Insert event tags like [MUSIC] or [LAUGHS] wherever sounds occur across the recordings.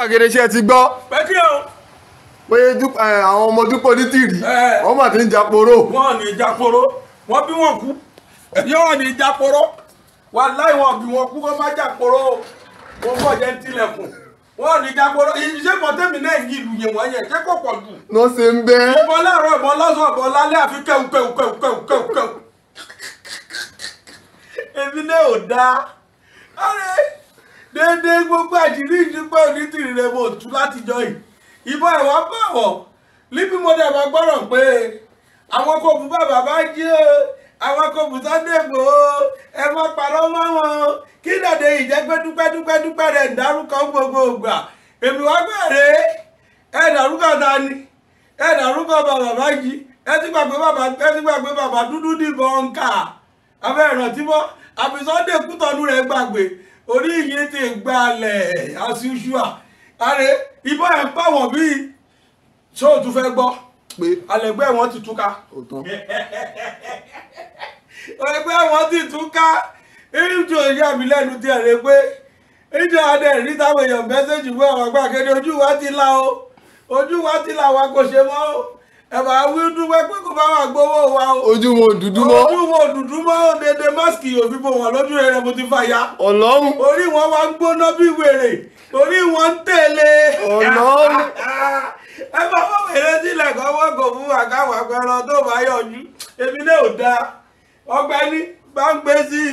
pàgẹ́dẹ́ iṣẹ́ ti gbọ́. pẹ́kí o. pé àwọn ọmọ dúpọ̀ ní tìrì wọ́n mà ti ń jàporó. wọ́n ní jàporó wọ́n bí wọ́n kú yóò ní jàporó wà láì wọ́n bí wọ́n kú kó má jàporó wọ́n bọ̀ jẹ́ ń tilẹ̀kùn wọ́n ní jàporó iṣẹ́ mọ̀tẹ́mì náà yí ìlú yẹn wọ́n yẹn ṣé kò pọ̀ jù. ló ṣe ń bẹ́ẹ̀. ìbọn láàárọ̀ ìbọn lọ́sàn ìbọn lálẹ́ àfi kẹ́hù dédé gbogbo àṣírí ìdúpẹ́ onítìrì rẹ̀ mo tú jọ yìí ìbọn ẹ̀wọ̀ bọ̀wọ̀ níbi mo dàgbà gbọ́rọ̀ pé àwọn kò bú bá jí o àwọn kò bú sádẹ́gbò o ẹ má parọ́ mọ́ wọn kí dàdé ìjẹ́ gbogbo ogba! èmi wá gbẹ̀rẹ̀ ẹ dárúkọ ta ni ẹ bá jí ẹ ti gbàgbé bàbà ẹ ti gbàgbé dúdú dìbọn mọ́ orí yìí ti gbalẹ̀ as usual ààrẹ ìbọn ẹ̀ ń pàwọ̀ bíi ṣé o tún fẹ́ gbọ́ pé alẹ́gbẹ́ wọn ti túká [LAUGHS] ẹgbẹ́ wọn ti túká ìjọ ìyá mi lẹ́nu díẹ̀ rẹ pé ìjọ adé rí táwọn èèyàn mẹ́sẹ̀jì fún àwọn àgbà kéde ojú wa ti là o ojú wa ti là wa kò ṣe mọ́ o. ẹ̀bà wíńdú pẹ́pẹ́ kó bá wà gbowó wa o. ojú wo dúdú mọ́. ojú wo dúdú yóò fi wọn lójú rẹ̀ mo ti fà ọlọ́run. orí wọn wá ń gbóná bí wèrè orí wọn ń tẹ̀lé. ọlọ́run. [LAUGHS] wọ́n sílẹ̀ wọ́n kò fún wa káwọn tó bá yọjú èmi náà ò dáa bá ń gbé sí i.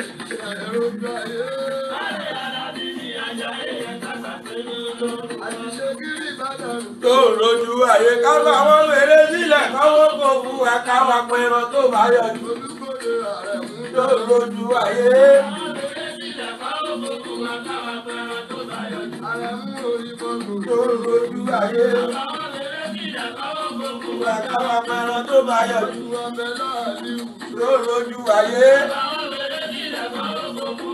ẹrúgbà yé. Báyọ̀ yàrá bí mi àjà ẹ̀yẹ kàkà pẹ̀lú lọ. Àṣìṣe kiri Ìbàdàn. Tó rojú ayé káwọn àwọn mèrè sílẹ̀ káwọn kò fún wa káwọn pẹ̀rọ tó bá yọjú. Olúgbòde ààrẹ mú. Tó rojú ayé. tó bá yọjú. Tó rojú ayé. tó bá ayé.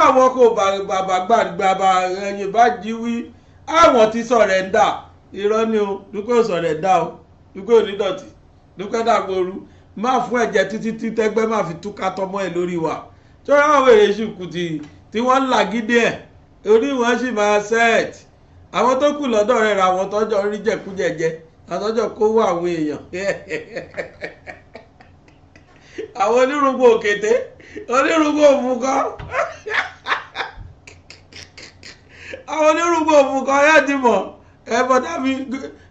àwọn kò bàbà gbàgbà ẹ̀yìn bá jí wí àwọn ti sọ̀rẹ́ńdà irọ́ ni o dúpẹ́ ò sọ̀rẹ́ńdà o dúpẹ́ ò ní dọ̀tí dúpẹ́ dàgbòru máa fún ẹ̀jẹ̀ títí títẹ́gbẹ́ máa fi túká tọmọ ẹ̀ lórí wa tó yẹ àwọn èrè ṣùkú tí tí wọ́n ń làgídé ẹ̀ orí wọn sì máa set àwọn tó kù lọ́dọ̀ rẹ̀ ra àwọn tọ́jọ́ rí jẹ̀kújẹ̀jẹ̀ àtọ́jọ́ kówó àwọn èèyàn [LAUGHS] àwọn onírúgbò òkété onírúgbò òmùgọ̀ àwọn onírúgbò òmùgọ̀ yóò ti mọ̀ ẹ bọ́dá mi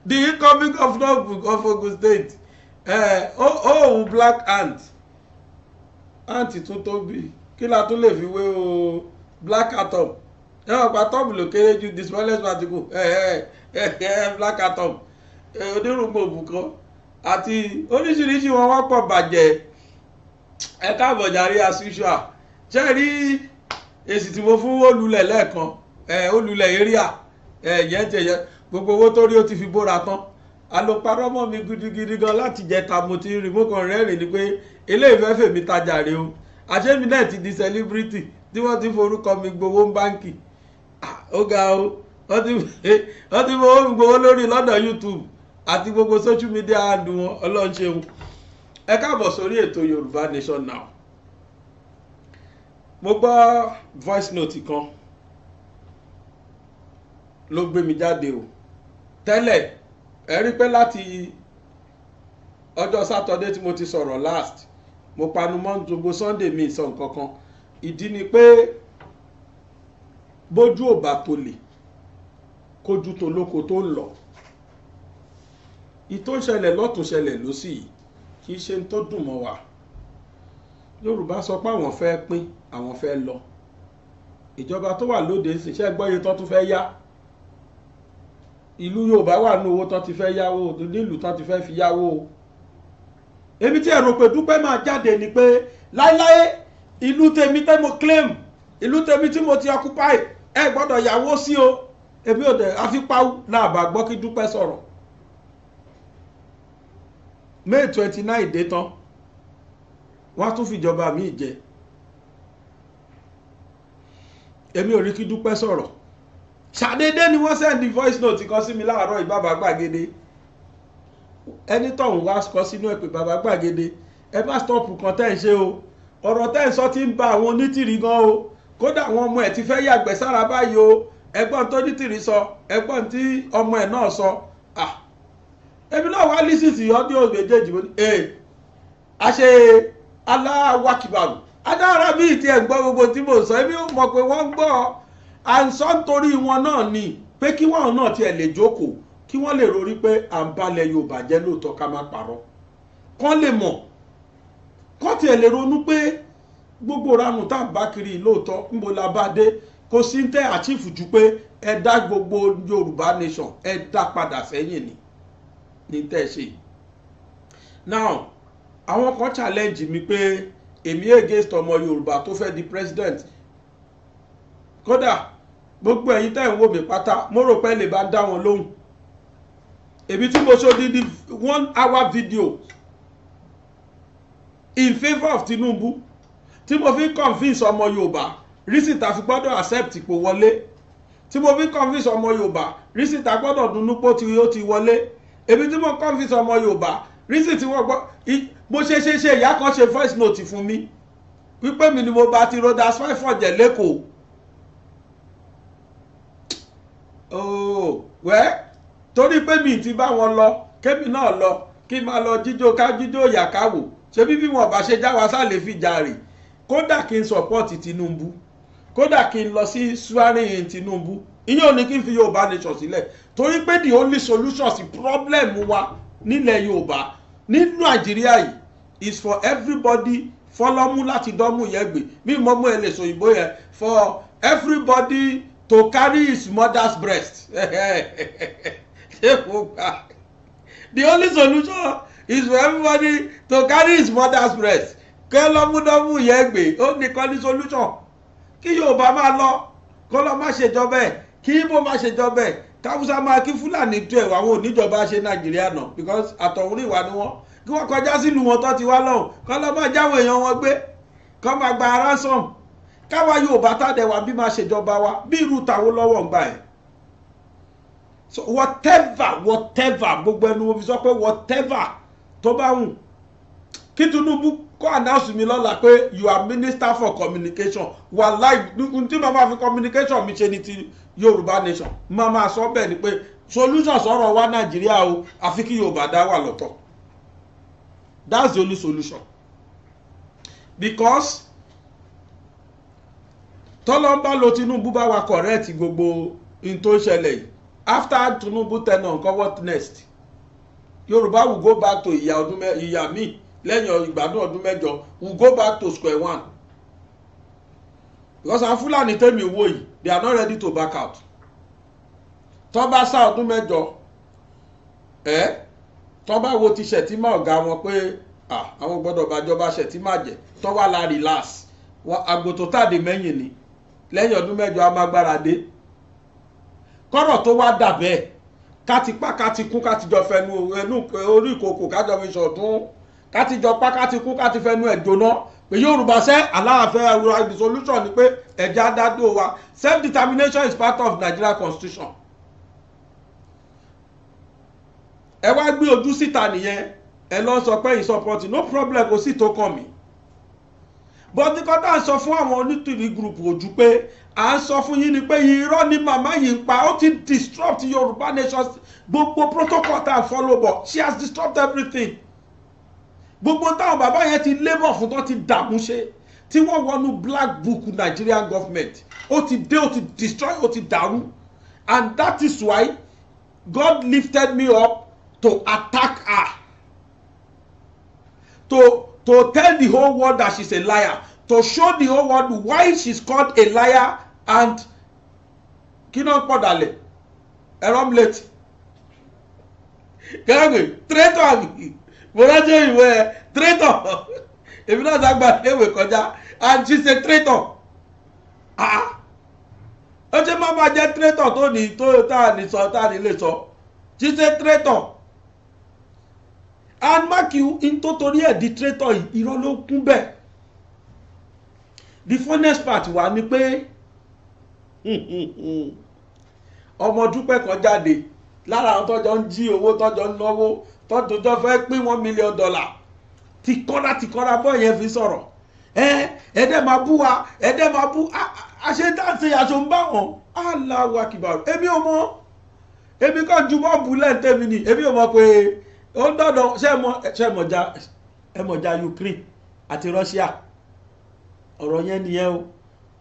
the incoming governor of Ogun State òun black ant ant tún tóbi kí la tún lè fi wé o black atom ẹ wọ́n pa tọ́ọ̀mù ló kéré ju the smallest particle black atom onírúgbò òmùgọ̀ àti oríṣiríṣi wọn wọ́pọ̀ bàjẹ́ ẹ káàbọ̀ jàre as usual ṣe rí èsì tí mo fún olùlẹ̀ lẹ́ẹ̀kan olùlẹ̀ area yẹn tẹ̀ yẹn gbogbo owó tó rí ó ti fi bóra tán alòparọ́ mọ́ mi gidigidi gan láti jẹta mo ti rí mo kàn rẹ́rìn ni pé eléyìí fẹ́ fèmi tajà rè o àṣẹ́mi náà ti di celebrity tí wọ́n ti forúkọ mi gbowó ń báǹkì ó ga o [LAUGHS] wọ́n ti fowó mi gbowó lórí lọ́dọ̀ YouTube àti gbogbo social media àdùn wọn ọlọ́run ṣeun ẹ káàbọ̀ sórí ètò yorùbá nation now mo gbọ́ voice note kan ló gbé mi jáde o tẹ́lẹ̀ ẹ rí pé láti ọjọ́ sátọ́dé tí mo ti sọ̀rọ̀ last mo panu mọ́ gbogbo sunday mi sọ nǹkan kan ìdí ni pé bójú ò bá tó lè kójú tó lóko tó ń lọ ìtò ń ṣẹlẹ̀ lọ́tún ṣẹlẹ̀ lọ́sì yìí kì í ṣe tó dùn mọ́ wa yorùbá sọ pé àwọn fẹ́ pín àwọn fẹ́ lọ ìjọba tó wà lóde ṣiṣẹ́ gbọ́yé tó tún fẹ́ yá ìlú yorùbá wà ní owó tó ti fẹ́ yáwó nílùú tó ti fẹ́ fi yáwó èmi tí ẹ̀rọ pé dúpẹ́ máa jáde ni pé láéláé ìlú tèmi tẹ́ mo claim ìlú tèmi tí mo ti occupy ẹ gbọ́dọ̀ yáwó sí o èmi ò dẹ̀ àfipáwù náà bá gbọ́ kí dúpẹ́ sọ̀rọ̀ may twenty nine dé tán wọ́n á tún fìjọba míì jẹ èmi ò rí kí dúpẹ́ sọ̀rọ̀ ṣàdédé ni wọ́n sẹ́ndí voice note kan sí mi láàárọ̀ ìbàbà gbàgede ẹni tọ̀hún wá kọ sínú ẹ̀ pé bàbá gbàgede ẹ má stọ́ọ̀pù kan tẹ́ ń ṣe o ọ̀rọ̀ tẹ́ ń sọ ti ń ba àwọn onítìrí gan o kódà àwọn ọmọ ẹ̀ ti fẹ́ yàgbẹ́ sára báyìí o ẹgbọ́n tó nítìrí sọ ẹgbọ́n tí ọmọ ẹ̀ náà sọ ebi náà wá lísì sí ọdún òun méjèèjì mo ní ee eh, àṣe aláwákìbàrù adára gbogbo tí mo sọ ebi ò pé wọ́n n à ń sọ nítorí náà ni pé kí wọ́n náà tiẹ̀ lè jókòó kí wọn lè rori pé à ń balẹ̀ Yorùbá jẹ́ lóòótọ́ ká má parọ́ kán lè mọ̀ kán lè ronú pé gbogbo ranu tá à bá kiri lóòótọ́ la bá ju pé ẹ dá gbogbo Yorùbá nation ẹ dá padà sẹ́yìn ni ní tẹ̀sí now àwọn kan challenge mi pé èmi against ọmọ Yorùbá tó fẹ́ di president kódà gbogbo ẹ̀yin tẹ́ ń wò mí pátá mo rò pé lè bá dá wọn lóhùn èmi tí mo ṣe odidi one hour video in favour of Tinubu tí mo fi convince ọmọ Yorùbá reason tá fi gbọ́dọ̀ accept ipò wọlé tí mo fi convince ọmọ Yorùbá reason tá gbọ́dọ̀ dunnú pé ó ti wọlé èmi tí mo kàn fi sọ ọmọ Yorùbá rísì tí wọ́n gbọ́ mo ṣe ṣe ṣe ìyá kan ṣe voice note fún mi wípé mi ni mo bá ti roda five hundred lẹ́kọ̀ọ́ ooo oh, wẹ́ torí pé mi ti bá wọn lọ kémi náà lọ kí n máa lọ jíjó ká jíjó yàkáwò ṣebí bí wọn bá ṣe jáwa sálẹ̀ fi jàre kódà kí n sọ̀pọ̀tì Tinubu kódà kí n lọ sí suwarin Tinubu ìyẹn ò ní kí n fi yorùbá nation sílẹ̀ torí pé the only solution sí problem wa nílẹ̀ yorùbá ní nàìjíríà yìí is for everybody fọlọ́mú láti dánmú yẹn gbè bí mọ́mú ẹ̀ lè sọ òyìnbó yẹn for everybody to carry his mother's breast [LAUGHS] the only solution is for everybody to carry his mother's breast kẹ́ lọ́múdánmú yẹn gbè ó nìkan ní solution kí yorùbá máa lọ kó lọ́ọ́ má ṣèjọba ẹ̀ kí ibo má ṣe jọ bẹ́ẹ̀ máa kí fúlàní tó ẹ̀wà wọn ò níjọba ṣe nàìjíríà náà because àtọ̀hún ìwà ni wọ́n kí wọ́n kọjá sílùú wọn tó ti wá lọ́hùn kọ́ lọ́ máa jáwọ́ èèyàn wọn gbé kọ́ máa gba ransom káwa yorùbá tàdẹ̀wà bí máa ṣèjọba wa bí irú tàwọn lọ́wọ́ ń gbà ẹ̀ so whatever whatever gbogbo ẹnu mo fi sọ pé whatever tó bá wù kí Tinubu kó announce mi lọ́la pé you are minister for communication wà láì tí màmá fi communication mi ṣe ni ti yorùbá nation màmá sọ bẹ́ẹ̀ ni pé solution sọ̀rọ̀ wa nàìjíríà o àfi kí yorùbá dá wà lọ́tọ̀ that's the only solution because tọ́lọ́mbà lo tinubu bá wa correct gbogbo n tó ṣẹlẹ̀ yìí after tinubu ten on cover next yorùbá will go back to ìyá ọdún ìyá míì lẹ́yìn ìgbádùn ọdún mẹ́jọ we go back to square one because àwọn fúlàní tẹ́mi wò yìí they are not ready to back out tó bá sá ọdún mẹ́jọ ẹ tó bá wo ti ṣètìmá ọ̀gá wọn pé àwọn gbọ́dọ̀ bàjọba ṣètìmá jẹ tó la relax àgbòtò tàdé mẹ́yìn ni lẹ́yìn ọdún mẹ́jọ a máa gbára dé kọ́rọ̀ tó wá dà bẹ́ẹ̀ ká ti pa ká kú ká jọ fẹnu orí ìkòkò ká fi ṣọ̀tún káti jọpá káti kú káti fẹnu ẹ̀ jóná pé yorùbá sẹ́ aláàfẹ́ ẹ̀rọ the ni pé ẹ̀jẹ̀ adádó wa self determination is part of Nigeria constitution ẹ wá gbé ojú síta nìyẹn ẹ lọ sọ pé ìsọpọtì no problem kò sí tó kàn mí bọ́dí kọ́tà sọ fún àwọn onítìrí group ojú pé à ń sọ fún yín ni pé irọ́ ni màmá yìí ń pa ó ti disrupt yorùbá nation gbogbo protocol tá a follow bọ̀ she has disrupted everything gbogbo táwọn bàbá yẹn ti labour fún tó ti dààmú ṣe tí wọ́n wọnú black book Nigerian government ó ti dé ó ti destroy ó ti dàrú and that is why God lifted me up to attack her to to tell the whole world that she's a liar to show the whole world why she's called a liar and kí náà pọ̀dà lẹ̀ ẹ̀rọ mi létí kẹ́hìn traitor àgbègbè mo rájẹ́ ìwé ẹ̀ traitor èmi náà sàgbà léwè kọjá and she say traitor ah ó ṣe má má jẹ́ traitor tó ní tó tá a ní sọ tá a ní lè sọ she say traitor and mákì in tó torí ẹ̀ di traitor yìí irọ́ ló kún bẹ́ẹ̀ the funnest part wà ní pé [LAUGHS] ọmọ dúpẹ́ kan jáde lára àwọn tọ́jọ́ ń jí owó tọ́jọ́ ń náwó tọ́jọ́jọ́ fẹ́ pín one million dollar ti kọ́ra ti kọ́ra bọ́ yẹn fi sọ̀rọ̀ ẹ ẹ̀dẹ́ máa bú wa ẹ̀dẹ́ máa bú àṣetáṣe aṣọ ń bá wọn aláwa kìbàrù èmi ò mọ èmi kàn ju bọ́ọ̀bù lẹ́ǹtẹ́mi ni èmi ò mọ pé ó ń dọ̀dọ̀ ṣe mọ̀já ẹ mọ̀já Ukraine àti Russia ọ̀rọ̀ yẹn nìyẹn o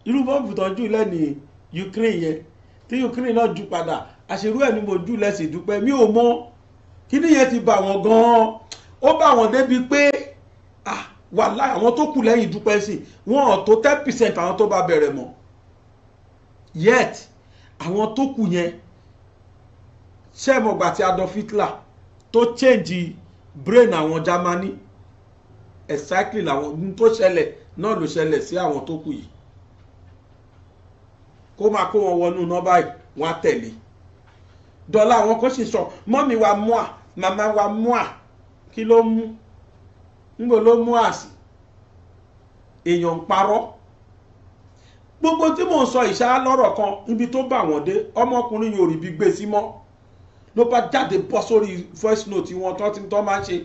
irú bọ́ọ̀bù tọ́jú lẹ́ni Ukraine yẹn tí Ukraine náà ju padà àṣerú ẹ̀ ni mo jù lẹ́sìn dúpẹ́ mi ò mọ́ kíní yẹn ti bà wọ́n gan-an ó bà wọ́n débi pé ah, wàhálà àwọn tó kù lẹ́yìn dúpẹ́ sí wọn ò tó ten percent àwọn tó bá bẹ̀rẹ̀ mọ́ yet àwọn tó kù yẹn sẹ́mọ̀gbà tí Adolf Hitler tó change brain àwọn Germany exactly làwọn ohun tó ṣẹlẹ̀ náà ló ṣẹlẹ̀ sí àwọn tó kù yìí kó máa kó wọn wọnú nọ́mbà yìí wọ́n á tẹ̀lé dọ́là àwọn kan sì sọ mọ́mí wa mú à màmá wa mú à kí ló mú ńgbò ló mú àsì èèyàn ń parọ́ gbogbo tí mò ń sọ ìṣá lọ́rọ̀ kan níbi tó bá wọn dé ọmọkùnrin yóò rí bí gbé sí mọ́ ló bá jáde bọ́ sórí voice note wọn tó ti tọ́ máa ń ṣe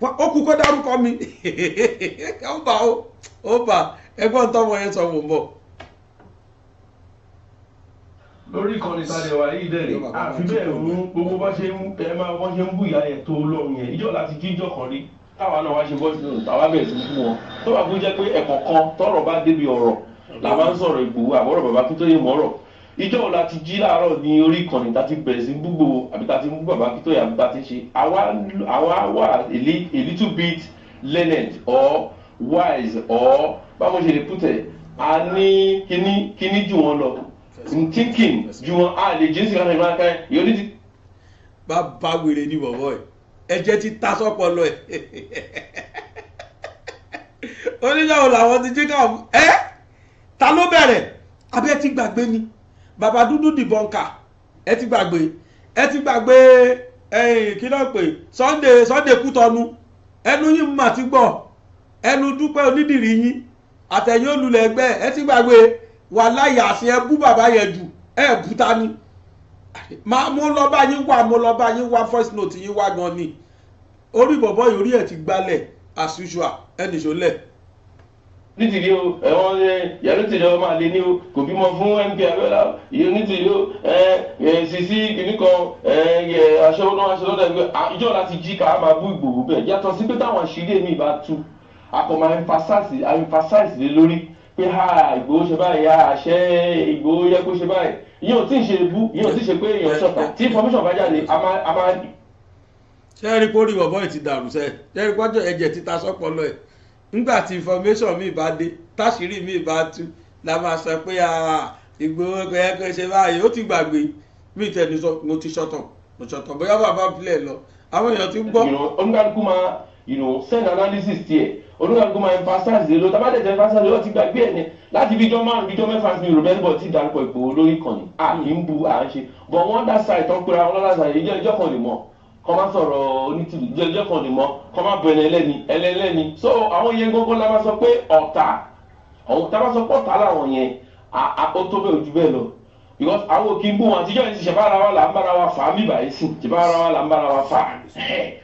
ó kú kó dárúkọ mi [LAUGHS] ó bà ó bà ẹgbọ́n tọ́mọ yẹn sọ wò ń bọ̀ lórí ìkànnì ìtàlẹ̀ wa yìí dẹ̀rẹ̀ àfi bẹ́ẹ̀ mú gbogbo bá ṣe ń ẹ máa wọ́n ṣe ń bú ìyá yẹn tó lọ́rùn yẹn ìjọ láti kí ìjọ kan rí táwa náà wá ṣe bọ́ sí òun táwa bẹ̀rẹ̀ sí fún wọn tó bá kó jẹ́ pé ẹ̀kọ́ kan tọ́rọ̀ bá débi ọ̀rọ̀ la máa ń sọ̀rọ̀ ìgbòho àbọ̀rọ̀ bàbá Akíntóyè mọ́rọ̀ ìjọ la ti jí láàárọ̀ ní orí ìkànnì tá ti bẹ̀rẹ̀ sí gbogbo àbí tá ti mú bàbá Akíntóyè àbí tá ti ṣe àwa wà a little bit learned or wise or báwo ṣe lè put it a ní kíní kíní jù wọn lọ ntinkin ju wọn a lè jésù kan nígbà kan yóò ní ti. bàbá wèrè ni bọ̀bọ̀ ẹ̀ ẹ̀jẹ̀ ti ta sọ́pọ̀ lọ ẹ̀ [LAUGHS] oníyàwó làwọn ti jí káwọn ẹ́ ta ló bẹ̀rẹ̀ abẹ́ ti gbàgbé ni bàbá dúdú dìbọn kà ẹ ti gbàgbé ẹ ti gbàgbé ẹyìn kí náà pé Sunday Sunday Kútọnu ẹnu yìí mà ti gbọ́ ẹnu dúpẹ́ onídìrí yín àtẹ̀yìn olùlẹ̀gbẹ́ ẹ ti gbàgbé wà láyé àfi ẹ bú bàbá yẹn jù ẹ bú ta ni mo lọ bá yín wá mo lọ bá yín wá voice note yín wá gan ni orí bọ̀bọ̀ yìí orí ẹ̀ ti gbálẹ̀ as usual ẹnì ṣọlẹ̀ nítìrí o ẹ̀wọ̀n ẹ yẹ̀rìntìrí ọmọ àlè ni o kò bímọ fún mp abẹ́lá iye nítìrí o ẹ ẹ sisi kìíní kan ẹ ẹ aṣọ́wó náà aṣọ́wó náà gbé ìjọ láti jí ká máa bú Ìgbòho bẹ́ẹ̀ yàtọ̀ sí pé táwọn àṣírí èmi bá tú àkọ́ máa emphasize emphasize lé lórí pé ha Ìgbòho ṣe báyìí ha àṣẹ Ìgbòho yẹ kó ṣe báyìí yìí ò tí ì ṣe bú yìí ò tí ì ṣe pé èèyàn ṣọ̀tá tí information bá jáde a máa dì. ṣé ẹ rí i pé ó rí bọ̀bọ́ ìtì dàrú sẹ́ ṣé ẹ rí i pé ọjọ́ ẹ̀jẹ̀ títa sọ́pọ̀lọ́ ẹ̀ nígbà tí information mi bá dé táṣìírí mi bá tú la máa sọ pé Ìgbòho yẹ kó ṣe báyìí ó ti gbàgbé mi tẹnu sọ mo ti ṣọ̀tàn mo ṣọ̀tàn bóyá bàbá pilẹ̀ lọ àwọn èèyàn ti gbọ́. ọ̀nkálukú máa send analysis tiẹ̀ olúkàlùkù máa ń pastors lé ló tá a bá dẹ̀ tẹ́ pastors lé lọ́ọ́ ti gbàgbé ẹ̀ ní láti bíjọ́ márùn bíjọ́ mẹ́fà sí mi ròbẹ́ níbọ̀ tí darapọ̀ ìpò olórí kan ní à kì í bu à ń ṣe bọ̀ wọ́n dá sa ìtọ́ pera wọn lọ́la sàyè ìjọ ìjọ kan lè mọ̀ kọ́ máa sọ̀rọ̀ onítìlú ìjọ ìjọ kan lè mọ̀ kọ́ máa bọ̀ ẹlẹ́ni ẹlẹ́ni so àwọn yẹn gógó la máa sọ pé ọ̀tá ọ̀tá máa sọ pé ọ̀tá làwọn yẹn because àwọn òkè ń bú wọn àtijọ́ yìí ṣẹ̀bára wa là ń bára wa fà á bíbà yìí sìn ṣẹ̀bára wa là ń bára wa fà á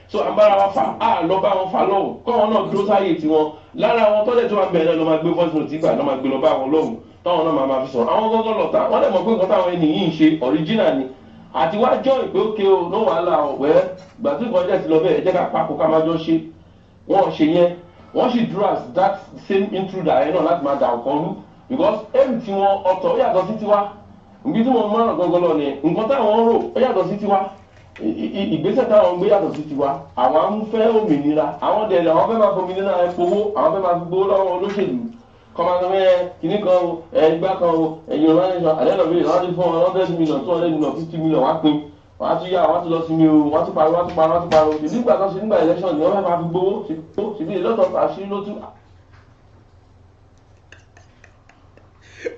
so à ń bára wa fà á lọ bá wọn fà lọ́wọ́ kọ́ wọn náà dúró sáyè tiwọn lára wọn tọ́lẹ̀ tó máa bẹ̀rẹ̀ lọ́ máa gbé voice note gbà lọ́ máa gbé lọ bá wọn lọ́wọ́ táwọn náà máa fi sọ̀rọ̀ àwọn gángan lọ́ta wọ́n dẹ̀ mọ̀ pé nǹkan táwọn ènìyàn ń ṣe original ni àti wá jọ ìpè òkè o ló wàá la ọ̀pẹ́ gbàtí nǹkan jẹ́ ti lọ bẹ́ẹ̀ jẹ́ ká papò ká má jọ ṣe wọ́n ṣe yẹn wọ́n sì dúró as that same intruder yẹn náà láti máa dà ọ̀kan rú because aim tiwọn ọ̀tọ̀ ó yàtọ̀ sí tiwa ibi tí mo mọ̀ràn gangan lọ ni nǹkan táwọn ń rò ó yàtọ̀ sí tiwa ìgbésẹ̀ táwọn ń gbé yàtọ̀ sí tiwa àwọn ń fẹ́ òmìnira àwọn dẹ̀rẹ̀ àwọn fẹ́ máa fi òmìnira ẹ̀kọ́wó àwọn fẹ́ máa fi gbowó lọ́wọ́ olóṣèlú kọ́mọdé kìíní kan o ẹgbẹ́ kan o ẹ̀yìn ọ̀rọ̀ ẹ̀ṣọ́ àdéhùn ọ̀bí ìlànà ti fún wọn hundred million two hundred million fifty million wá pín wọ́n á tún yá wọ́n á tún lọ sinmi o wọ́n á tún pariwo wọ́n á tún pariwo wọ́n á tún pariwo ṣèlú ìgbà tó ṣe nígbà election ni wọ́n fẹ́ máa fi gbowó ṣèlú ìlọ́tọ̀ àṣírí ló tún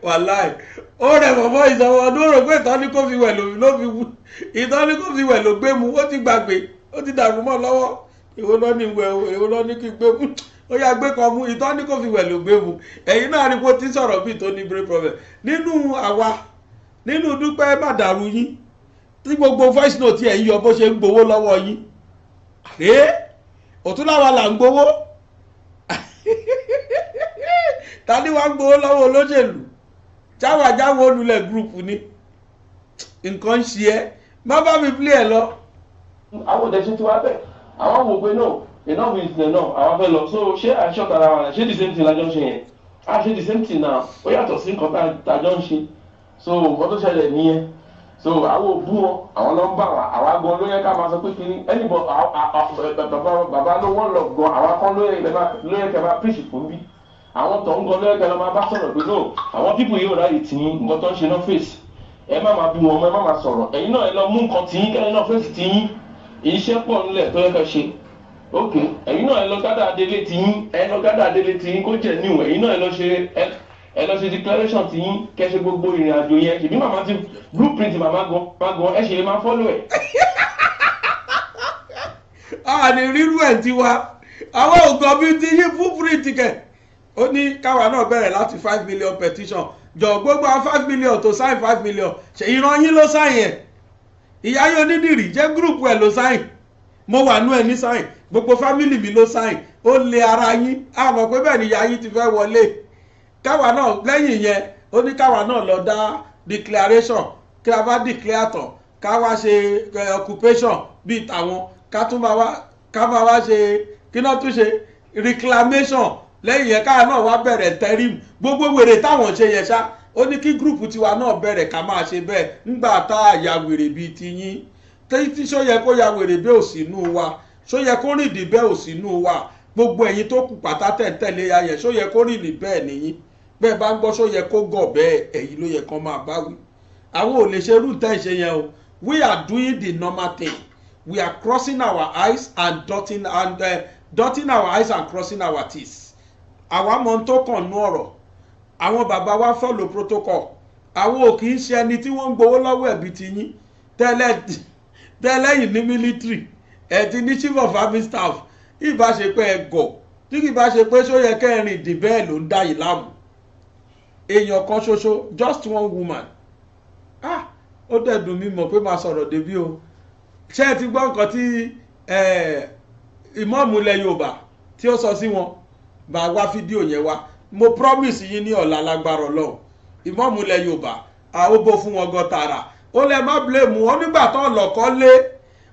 wàláì ó rẹ bọ̀bọ̀ ìsanwó ọdún rò pé ìtọ́ni kò fi wẹ̀ ló fi wú ìtọ́ni kò fi wẹ̀ ló gbé mu ó ti gbàgbé ó ti dàrú mọ́ lọ́wọ́ èwo lọ ní wẹ̀ èwo lọ ní kí gbé mu ó yà gbé kan mu ìtọ́ni kò fi wẹ̀ gbé gbogbo voice note yọ bó ṣe ń gbowó lọ́wọ́ yín ta ni wàá gbowó lọ́wọ́ olóṣèlú jáwàjáwò olùlẹ̀ gúrùpù ni nǹkan ń ṣe ẹ́ má bá mi plé ẹ lọ. àwọn òdẹ̀ṣe ti wá bẹ̀ àwọn wò pé náà enough is enough àwọn fẹ́ lọ so ṣé àṣọkà ara wọn ṣé the same thing lájọ ṣe yẹn a ṣe the same thing Now ó yàtọ̀ sí nǹkan tá a jọ ń ṣe so nǹkan tó ṣẹlẹ̀ nìyẹn so àwọn òbú wọn àwọn ló ń bà wá àwa gan ló yẹ ká máa sọ pé kí ni ẹnì bọ bàbá ló wọ́n lọ gan àwa kan ló yẹ kẹ́ máa preach fún bí àwọn tó ń gan lẹ́gbẹ̀ẹ́ lọ́ máa bá sọ̀rọ̀ pé no àwọn pípò yìí ò ráyè tì í nǹkan tó ń ṣe náà fèsì ẹ má máa bí wọn mọ ẹ má máa sọ̀rọ̀ ẹ̀yin náà ẹ lọ mú nǹkan tì í kẹ́yìn náà fèsì tì í iṣẹ́ pọ̀ nílẹ̀ tó yẹ ká ṣe ok ẹ̀yin náà ẹ lọ gádà délé tì í ẹ lọ gádà délé tì í kó jẹ́ níwọ̀n ẹ̀yin náà ẹ lọ ṣe ẹ lọ ṣe declaration tì í kẹ́ ṣe gbogbo ìrìn àjò yẹn ṣèbí màmá ti blueprint màmá gan gan ẹ ṣe lè máa follow ẹ̀. àní [LAUGHS] rírú ẹ̀ tiwa àwọn ògbọ́n bíi ti blueprint kẹ̀ ó ní káwa náà bẹ̀rẹ̀ láti five million petition jọ gbogbo five million to sign five million ṣe ìran yín ló sign yẹn ìyá yóò nídìrí jẹ́ group ẹ̀ ló sign mo wà nú ẹ̀ sign gbogbo family mi ló sign ó lé ara yín a mọ̀ pé bẹ́ẹ̀ ni ìyá yín ti fẹ́ wọlé káwa náà lẹ́yìn yẹn ó ní káwa náà lọ dá declaration kí a bá declare tán ká wá ṣe occupation bíi tàwọn ká tún máa wá ká máa wá ṣe kí náà tún ṣe reclamation lẹ́yìn yẹn káà náà wá bẹ̀rẹ̀ tẹ́rìm gbogbo wèrè táwọn ṣe yẹn ṣá ó ní kí gúrùpù tiwa náà bẹ̀rẹ̀ ká máa ṣe bẹ́ẹ̀ ńgbà tá a ya wèrè bíi tiyín tí ṣó yẹ kó ya wèrè bẹ́ẹ̀ ò sínú wa ṣó yẹ kó rìndì bẹ́ẹ̀ ò sínú wa gbogbo ẹ̀yin tó kù pátá tẹ̀tẹ̀lé ayẹ̀ ṣó yẹ kó rìndì bẹ́ẹ̀ nìyí bẹ́ẹ̀ bá ń gbọ́ ṣó yẹ kó gọ̀ bẹ́ẹ̀ ẹ̀yin ló yẹ kán máa bá wí àwọn ò lè ṣe irú tẹ́ ṣe yẹn o we are doing the normal thing we are crossing our eyes and dotting, and, uh, dotting our eyes and crossing our teeth àwa mọ tó kàn nú ọ̀rọ̀ àwọn bàbá wa fọ́lò protocol àwọn ò kì í ṣe ẹni tí wọ́n ń gbowó lọ́wọ́ ẹ̀bí ti yín tẹ́lẹ̀ yìí ní military. ẹ̀ ti ní chief of army staff ìbá ṣe pé ẹ gọ̀ tí kì bá ṣe pé ṣó yẹ kẹrin ìdì bẹ́ẹ̀ ló ń dá yìí láàmú èèyàn kan ṣoṣo just one woman ah ó dẹ̀dùn mí mọ̀ pé máa sọ̀rọ̀ débí o ṣé ẹ ti gbọ́ nǹkan tí ìmọ̀ọ́mù ilẹ̀ Yorùbá tí ó sọ sí wọn bá wá fídíò yẹn wá mo promise yín ní ọ̀la lágbára ọlọ́run ìmọ̀ọ́mù ilẹ̀ yorùbá àwòbó fún wọn gan tààrà ó lẹ má blame wọn nígbà tó lọ́kọ́ lé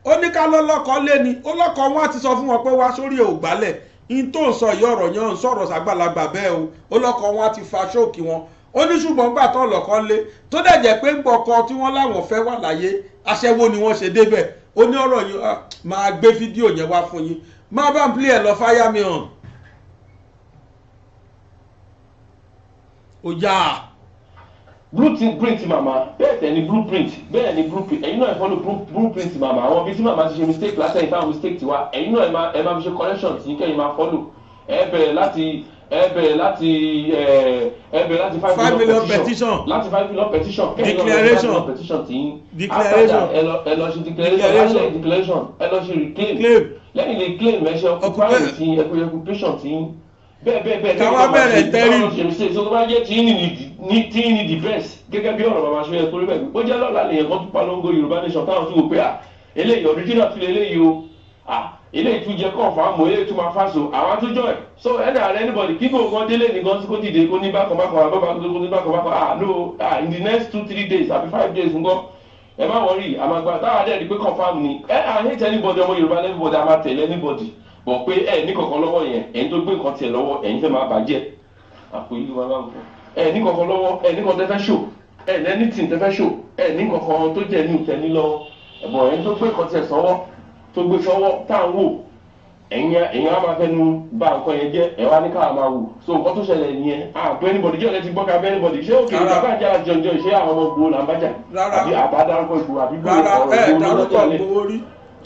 ó ní ká ló lọ́kọ́ lé ni ó lọ́kọ́ wọn ti sọ fún wọn pé wá sórí ò gbálẹ̀ in tó ń sọ ìyá ọ̀rọ̀ yẹn ń sọ̀rọ̀ sàgbàlagbà bẹ́ẹ̀ o ó lọ́kọ́ wọn ti fa ṣóòkì wọn ó ní ṣùgbọ́n nígbà tó lọ́kọ́ lé tó dẹ̀ jẹ́ pé ń gbọ́kọ tí wọ́n láwọn fẹ́ wà láyé aṣẹ́wó ni wọ́n ṣe débẹ̀ ó ní ọ̀rọ̀ yẹn ah, máa gbé fídíò yẹn wá fún yín má bá ń plé ẹ̀ lọ fáyà mi ó yá. blueprint mama. bẹ́ẹ̀ tẹ̀ ni blueprint bẹ́ẹ̀ ni blueprint ẹ̀yin náà ẹ follow blueprint mama. àwọn ibi tí màmá ti ṣe mistake látẹ̀yìn fáwọn mistake tiwa ẹ̀yin náà ẹ máa fi ṣe correction tí kẹ́yìn máa follow ẹ bẹ̀rẹ̀ láti ẹ bẹ̀rẹ̀ láti ẹ bẹ̀rẹ̀ láti five million petition láti five million petition kẹ́yìn lọ five million petition tí after ẹ lọ ṣe declaration ẹ lọ ṣe reclaim lẹ́yìn reclaim ẹ ṣe occupation tí occupation tí bẹ́ẹ̀ bẹ́ẹ̀ bẹ́ẹ̀ káwá bẹ̀rẹ̀ tẹ́rì. ṣe tó bá jẹ́ tí ní defense gẹ́gẹ́ bí ọ̀rọ̀ bàbá ṣọyẹ torí bẹ́ẹ̀ bó jẹ́ lọ́la lèyàn kan tún polongo yorùbá nation táwọn tún wò pé à eléyìí original tún eléyìí o à eléyìí tún jẹ́ kọ́ọ̀fù àmọ́ eléyìí tún máa fàṣọ àwọn tún jọ ẹ̀ so ẹ̀dà rẹ anybody kí kò kan délé nìkan kó ti dé kó ní bákan bákan àbábá kó ní bákan bákan ah no ah in the next two three days àbí five days ń gbọ́ ẹ má wọrí àmàgbà táwọn adẹ́rìí pé confam ni ẹ à ń hate anybody ọmọ yorùbá anybody àmà tẹ̀lé anybody bọ̀ pé ẹ ní kankan lọ́wọ́ yẹn ẹ̀yin tó gbé nǹkan tiẹ̀ lọ́wọ́ ẹ̀yin fẹ́ máa bàjẹ́ àpò ìlú wa máa ń fọ ẹ ní kankan lọ́wọ́ ẹ ní kankan tẹ́fẹ́ ṣò ẹ ní ẹni tì ń tẹ́fẹ́ ṣò ẹ ní kankan tó jẹ́ ní ìtẹ́ ní lọ́wọ́ ẹ̀bọ̀n ẹ̀yin tó gbé nǹkan tiẹ̀ sọ́wọ́ tó gbé sọ́wọ́ tá à ń wò ẹ̀yin á máa fẹ́nu bà nǹkan yẹn jẹ́ ẹ̀ wá ní ká máa wò so nǹkan tó ṣẹlẹ̀ nìyẹn àbẹ anybody jẹ́ ọ̀lẹ́ ti gbọ́ka abẹ anybody ṣé òkè ìbàjẹ́ àjọjọ ṣé àwọn ọmọ gbòó là ń bàjẹ́ àbí àbá dárúkọ ìgbò àbí gbòó ọ̀rọ̀ ìgbòó lọ́tọ̀ lẹ̀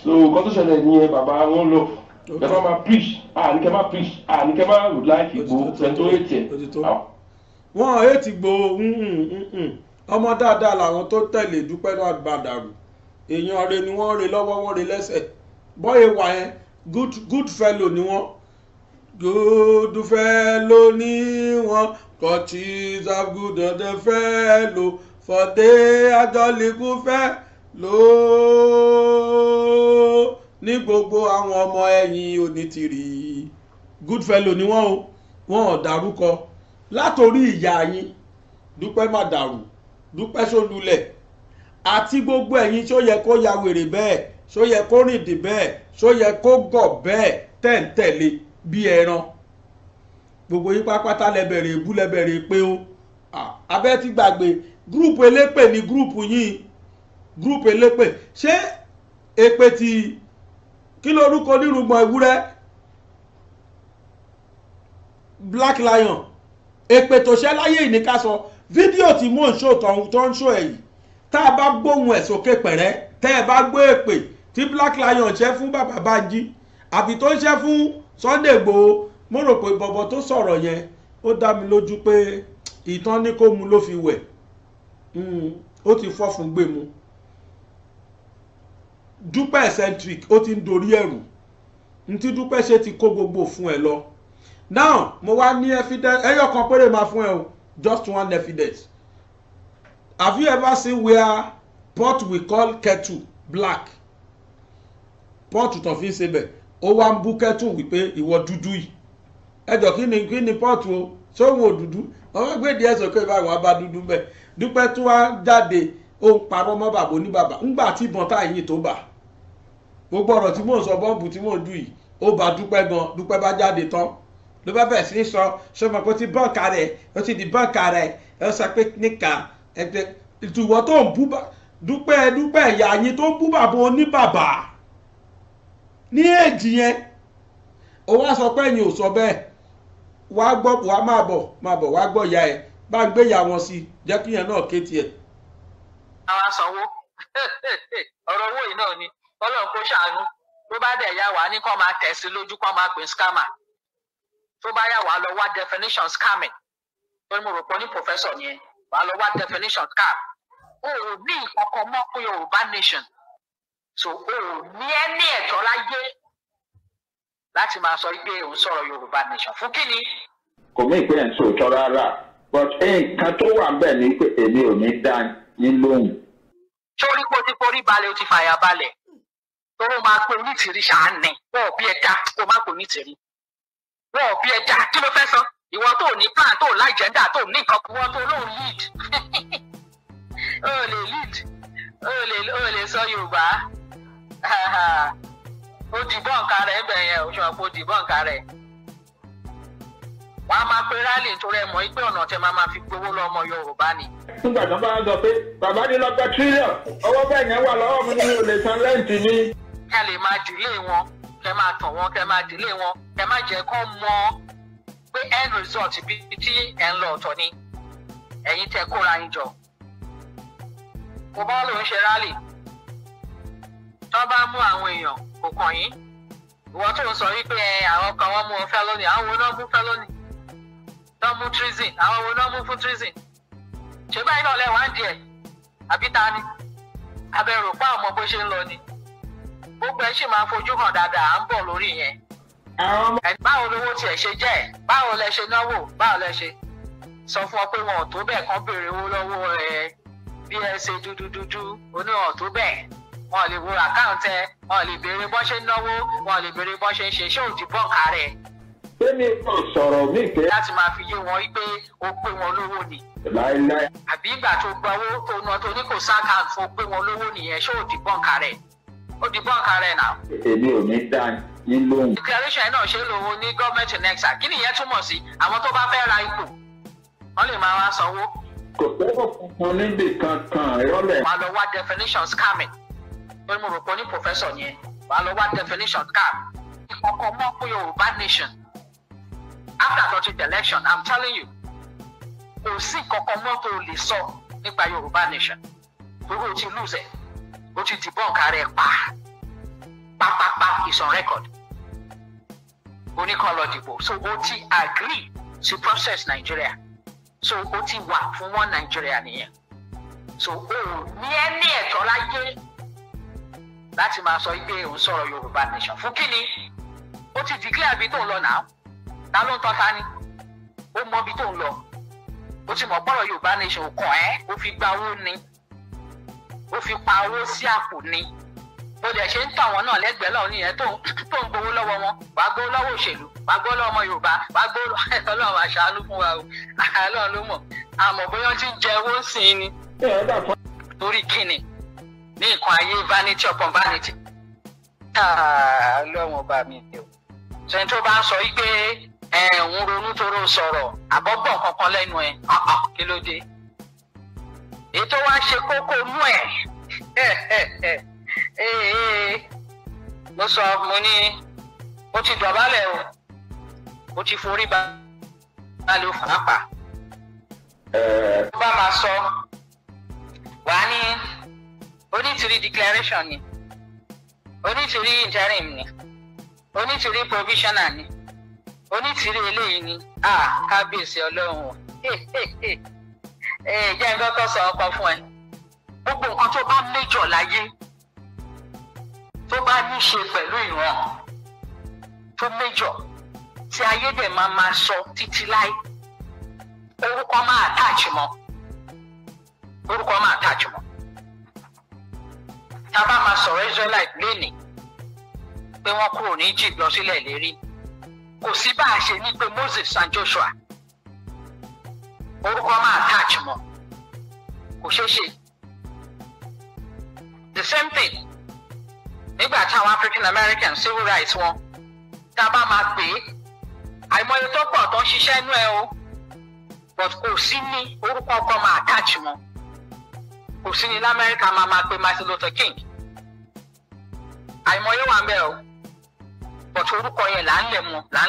so nǹkan tó ṣẹlẹ̀ nìyẹn bàbá wọn lọ kẹ máa ma preach àní kẹ máa preach àní ah, kẹ máa ah, like Ìgbòho ẹ̀tọ́ ètì ẹ̀. wọn ò tí Ìgbòho ọmọ dáadáa làwọn tó tẹ̀lé Dúpẹ́ náà Bàdàrù èèyàn rẹ̀ ni wọ́n rẹ̀ lọ́wọ́ wọ́n rẹ̀ lẹ́sẹ̀ bọ́yé wà yẹn good fellow ni wọ́n good fellow ni wọ́n God is a good fellow for they are jolly good fellow ní gbogbo àwọn ọmọ ẹ̀yìn onítìrì goodfellow ni wọ́n o wọ́n ò dárúkọ látòrí ìyá yín dúpẹ́ má dàrú dúpẹ́ sólulẹ̀ àti gbogbo ẹ̀yin tó yẹ kó ya wèrè bẹ́ẹ̀ tó yẹ kó rìndì bẹ́ẹ̀ tó yẹ kó gọ̀ bẹ́ẹ̀ tẹ̀ǹtẹ̀lé bí ẹran gbogbo yín pápátá lẹ́bẹ̀rẹ̀ èbú lẹ́bẹ̀rẹ̀ pé ó abẹ́ ti gbàgbé gúrùpù elépè ni gúrùpù yín gúrùpù elépè ṣé èpè ti kí lorúkọ onírùngbọ̀n ewúrẹ́ black lion èpè tó ṣẹ́ láyé yìí ní ká sọ fídíò tí mò ń ṣó tó ń ṣó ẹ̀ yìí tá a bá gbóhùn ẹ̀ sókè pẹ̀rẹ́ tẹ́ ẹ bá gbé èpè tí black lion ṣẹ́ fún bàbá Bánjí àbí tó ń ṣẹ́ fún Sunday Igboho mo rò pé bọ̀bọ̀ tó sọ̀rọ̀ yẹn ó dá mi lójú pé ìtàn ní kó mu ló fi wẹ̀ hmm, ó ti fọ́ fún gbé mu dúpẹ́ eccentric ó ti ń dorí ẹ̀rù ntí dúpẹ́ ṣe ti kó gbogbo fún ẹ lọ now mo wá ní evidence ẹyọ kan péré máa fún ẹ o just one evidence have you ever seen where pot we call kettle black pot tó fi ń ṣe bẹ̀ ó wá ń bú kettle wípé ìwọ dúdú yìí ẹjọ́ kí ni kí ni pot o ṣé òun ò dúdú ọmọ gbé díẹ̀ sọ pé báyìí wọn bá dúdú bẹ́ẹ̀ dúpẹ́ tó wá jáde ó ń parọ́ mọ́ bàbá oníbàbà ńgbà tí ìbọn táyìn tó bà gbogbo ọ̀rọ̀ tí mò ń sọ bọ́ǹbù tí mò ń dù yìí ó bá dúpẹ́ gan dúpẹ́ bá jáde tán ló bá bẹ̀rẹ̀ sí ní sọ ṣé mo kò ti bọ́ǹkà rẹ̀ ó ti di bọ́ǹkà rẹ̀ ẹ sọ pé níkà ẹgbẹ́ ìtùwọ́ tó ń bú dúpẹ́ dúpẹ́ ìyá yín tó ń bú bàbá oníbàbà ní èjì yẹn ó wá sọ pé ẹ̀yin ò sọ bẹ́ẹ̀ wá gbọ́ wá máa bọ̀ máa bọ̀ wá gbọ́ ìyá ẹ̀ bá ń gbé ìyá wọn sí jẹ́ kíyàn náà ké tiẹ̀. [LAUGHS] ọ̀rọ̀ owó yìí náà ni Ọlọ́run kó ṣàánú ló bá dẹ̀ yá wá ní kó máa tẹ̀ sí lójú kó máa pè scammer tó bá yá wá lọ wá definition scamming tó ní mo rò pé ní professor yẹn wà á lọ wá definition scam o ò ní ìkọ̀kọ̀ mọ́ pé Yorùbá nation so o ò ní ẹ́ ní ẹ̀tọ́ láyé láti máa sọ pé òun sọ̀rọ̀ Yorùbá nation fún kí ni. kò mí ìpínyà tí òótọ́ rárá but nǹkan tó wà bẹ́ẹ̀ ni pé èmi ò ní dá yín lóhùn. sórí kó balẹ̀ ó ti fàyà balẹ̀ torí wọn máa pe onítìrí ṣàánì wọn ò bí ẹ dá kó má pe onítìrí wọn ò bí ẹ kí ló fẹ́ sọ ìwọ tó ní plan tó ní tó ní nǹkan kú wọn tó lóun lead [LAUGHS] o lè lead o lè lè sọ Yorùbá o [LAUGHS] dìbọn nǹkan rẹ bẹ̀ yẹn o ṣùgbọ́n dìbọn nǹkan rẹ wọ́n á máa pe rálì tó rẹ mọ̀ pé ọ̀nà tẹ máa ma fi gbowó lọ́mọ Yorùbá ni. nígbà tó bá ń sọ pé bàbá ní lọ́gbẹ́ owó bẹ́ẹ̀ yẹn wà lọ́wọ́ mi san lẹ́ǹtì mi. ká lè máa dìlé wọn kẹ máa tàn wọn kẹ máa dìlé wọn kẹ má jẹ́ kó mọ̀ pé end result bí tí ẹ ń lọ ọ̀tọ̀ ni ẹ̀yin tẹ kóra yín jọ mo bá lòún ṣe rálì tó bá mú àwọn èèyàn kò kàn yín ìwọ tó ń sọ wípé àwọn kan wọn mú ọ fẹ́ lónìí àwọn wo náà mú fẹ́ lónìí tó mú treason àwọn wo náà mú fún treason ṣé báyìí náà lẹ́wọ̀n á di ẹ̀ àbí ta ni abẹ́rò pa ọmọ bó ṣe ń lọ ni gbogbo ẹ sì máa fojú hàn dáadáa ń bọ̀ lórí yẹn. báwo lówó tiẹ̀ ṣe jẹ́ báwo lẹ ṣe náwó báwo lẹ ṣe sọ fún ọ pé wọn ò tó bẹ́ẹ̀ kán béèrè owó lọ́wọ́ ẹ bí ẹ ṣe dúdú dúdú oníwọ̀n tó bẹ́ẹ̀ wọn lè wo àkáǹtì ẹ wọn lè béèrè bọ́n ṣe ń náwó wọn lè béèrè bọ́n ṣe ń ṣe ṣé òdì bọ́ǹkà rẹ̀. Tẹ́mi kan sọ̀rọ̀ mí pé. Láti máa fi yé wọn pé o pé wọn lówó ni. Àbí ìgbà tó gba owó tó ná tó ní kò sáà kàn fún o pé wọn lówó nìyẹn ṣé òdì bọ́ǹkà rẹ̀ ó di bọ́ǹkà rẹ̀ náà. èmi ò ní dá yín lóhùn. declaration náà ṣe lòwò ní gọ́ọ̀mẹ̀ntì nexa kí nìyẹn túmọ̀ sí àwọn tó bá fẹ́ ra ipò wọ́n lè máa wá sanwó. kò sọ́wọ́ funfun níbì kankan ìrọ́lẹ̀. wàá lọ wá definition scamming lórí mo rò pé ní professor yẹn wàá lọ wá definition scam ìkọ̀kọ̀ mọ́ pé Yorùbá nation after twenty election I'm telling you kò sí ìkọ̀kọ̀ mọ́ tó lè sọ nípa Yorùbá nation torí ti lose it ó ti dìbọn kárẹ̀ pa pápápá is on record oníkan lọ dìbò so ó ti agree to process Nigeria so ó ti wà fún wọn Nigeria nìyẹn so ó ní ẹni ẹ̀tọ́ láyé láti máa sọ pé òun sọ̀rọ̀ Yorùbá nation fún kí ni ó ti declare ibi tó ń lọ náà ta ló ń tọ́ ta ni ó mọ ibi tó ń lọ ó ti mọ̀ pọ̀rọ̀ Yorùbá nation kàn ẹ́ ó fi gba owó ni ó fi pa owó sí àpò ni bó dẹ̀ ṣe ń tọ̀ wọn náà lẹ́gbẹ̀ẹ́ lọ́wọ́ nìyẹn tó ń gbowó lọ́wọ́ wọn wàá gbowó lọ́wọ́ òṣèlú wàá gbowó lọ́wọ́ ọmọ yorùbá wàá gbowó [LAUGHS] ọlọ́run àṣàánú fún wa o [LAUGHS] ọlọ́run ló mọ̀ àmọ́ bóyá ti ń jẹ owó ń sìn ni. torí kíni ní nǹkan ayé vanity upon vanity. Ah, ọlọ́run ọba mi ni o. sẹ́ni tó bá ń sọ wípé ẹ̀ ń ronú tó sọ̀rọ̀ àbọ̀gbọ̀n kankan lẹ́nu ẹ̀ [LAUGHS] kí ló dé ètò wa ṣe kókó nú ẹ̀ [LAUGHS] eh, eh, eh. mo sọ mo ní mo ti dọ̀bálẹ̀ o mo ti forí ba balẹ̀ o fàápà tó bá máa sọ wà á ní onítìrí declaration ni onítìrí interim ni onítìrí provisional ni onítìrí eléyìí ni a ah, kábíyèsí ọlọ́run o. [LAUGHS] jẹ́ n kọ́kọ́ sọ ọkọ fún ẹ gbogbo nǹkan tó bá méjọ̀ láyé tó bá ní ṣe pẹ̀lú ìran tó méjọ̀ tí ayé dẹ̀ máa máa sọ títí láì orúkọ máa attach mọ́ orúkọ máa attach mọ́ tá a bá máa sọ̀rọ̀ Israelite lénìí pé wọ́n kúrò ní Egypt lọ sílẹ̀ lérí kò sí bá a ṣe ní pé Moses and Joshua orúkọ máa attach mọ́ the same thing nígbà táwọn African American civil rights wọn tá a bá máa pè é àìmọye tó pọ̀ tó ń o but kò sí ní orúkọ ọkọ máa attach mọ́ kò sí ní lamẹ́ríkà máa máa pe Martin Luther King o but orúkọ yẹn là ń lẹ̀ mọ́ là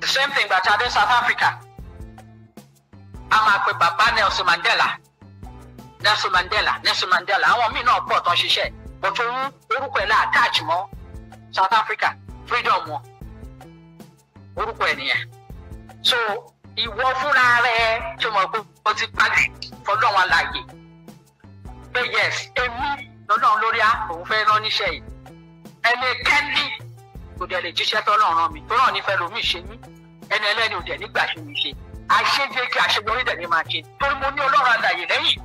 the same thing gbàtà dé South Africa a pe bàbá Nelson Mandela Nelson Mandela Nelson Mandela àwọn míì náà pọ̀ tán ṣiṣẹ́ bó tó ń orúkọ ẹ̀ náà attach mọ́ South Africa freedom wọn orúkọ ẹ̀ nìyẹn so ìwọ fúnra rẹ tó mọ̀ pé o ti parí fọlọ́wọn àlàyé pé yes èmi lọ́lọ́run lórí á fẹ́ rán níṣẹ́ yìí ẹnikẹ́ni kò dẹ̀ lè jíṣẹ́ tọ́lọ́run mi tọ́lọ́run nífẹ̀ẹ́ lomi ṣe mí ẹni ẹlẹ́ni ò dẹ̀ nígbà ṣe mi ṣe mí àṣeyege àṣeyọrí dẹ̀ ni màá ṣe torí mo ní ọlọ́run àdàyè lẹ́yìn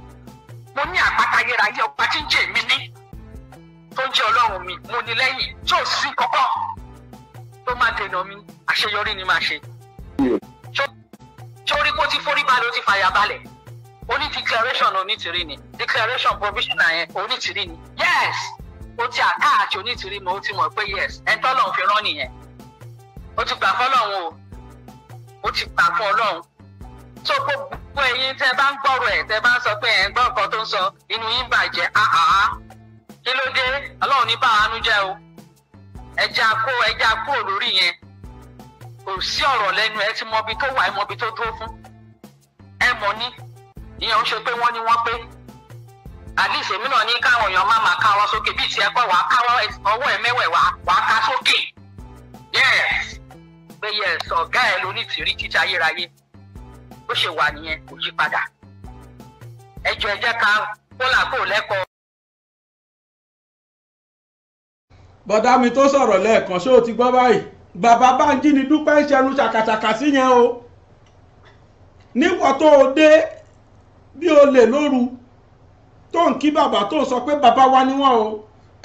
mo ní àpáta ayérayé ọba tí ń jẹ́ mi ní tó ń jẹ́ ọlọ́run mi mo ní lẹ́yìn tí ò sí kọ́kọ́ tó máa dènà mi àṣeyọrí ni màá ṣe. sórí kó ti forí balẹ̀ ó ti fàyà balẹ̀ ó ní declaration onítìrí ni declaration provisional yẹn onítìrí ni yes o ti àká àti onítìrí mọ́ ó ti mọ̀ pé yes ẹ̀ tọ́lọ̀ fi rán nìyẹn o ti gbà fọ́lọ́run o o ti gbà fún ọlọ́run so gbogbo ẹ̀yin tẹ́ bá ń gbọ́rọ̀ ẹ̀ tẹ́ bá ń sọ pé ẹ̀ ń gbọ́ nǹkan tó ń sọ inú yín bàjẹ́ àhàhà ah, ah, ah. kí ló dé ọlọ́run ní bàánú jẹ́ o ẹja kó ẹja kúrò lórí yẹn kò sí ọ̀rọ̀ lẹ́nu ẹ ti mọbi tó wà ẹ mọbi tó dúró fún ẹ mọ̀ ní ìyẹn ń ṣe pé wọ́n ní wọ́n pé àdìsí mi náà ní káwọn èèyàn má máa káwọ́ sókè bíi tiẹ̀ kọ́ wàá káwọ́ ọwọ́ ẹ̀ mẹ́wẹ̀ wàá ká sókè yes pé yes ọ̀gá lóní tìrí kíjà ayérayé bó ṣe wà nìyẹn kò yí padà ẹ jọ̀ọ́ ẹ jẹ́ ká kólà kó lẹ́kọ̀ọ́. bọ̀dá mi tó sọ̀rọ̀ lẹ́ẹ̀kan ṣé o ti gbọ́ báyìí bàbá Bánjí ni Dúpẹ́ ń ṣẹnu ṣàkàṣàkà sí yẹn o níwọ̀ tó o dé bí o lè lóru tó ń kí bàbá tó sọ pé bàbá wa ni wọ́n o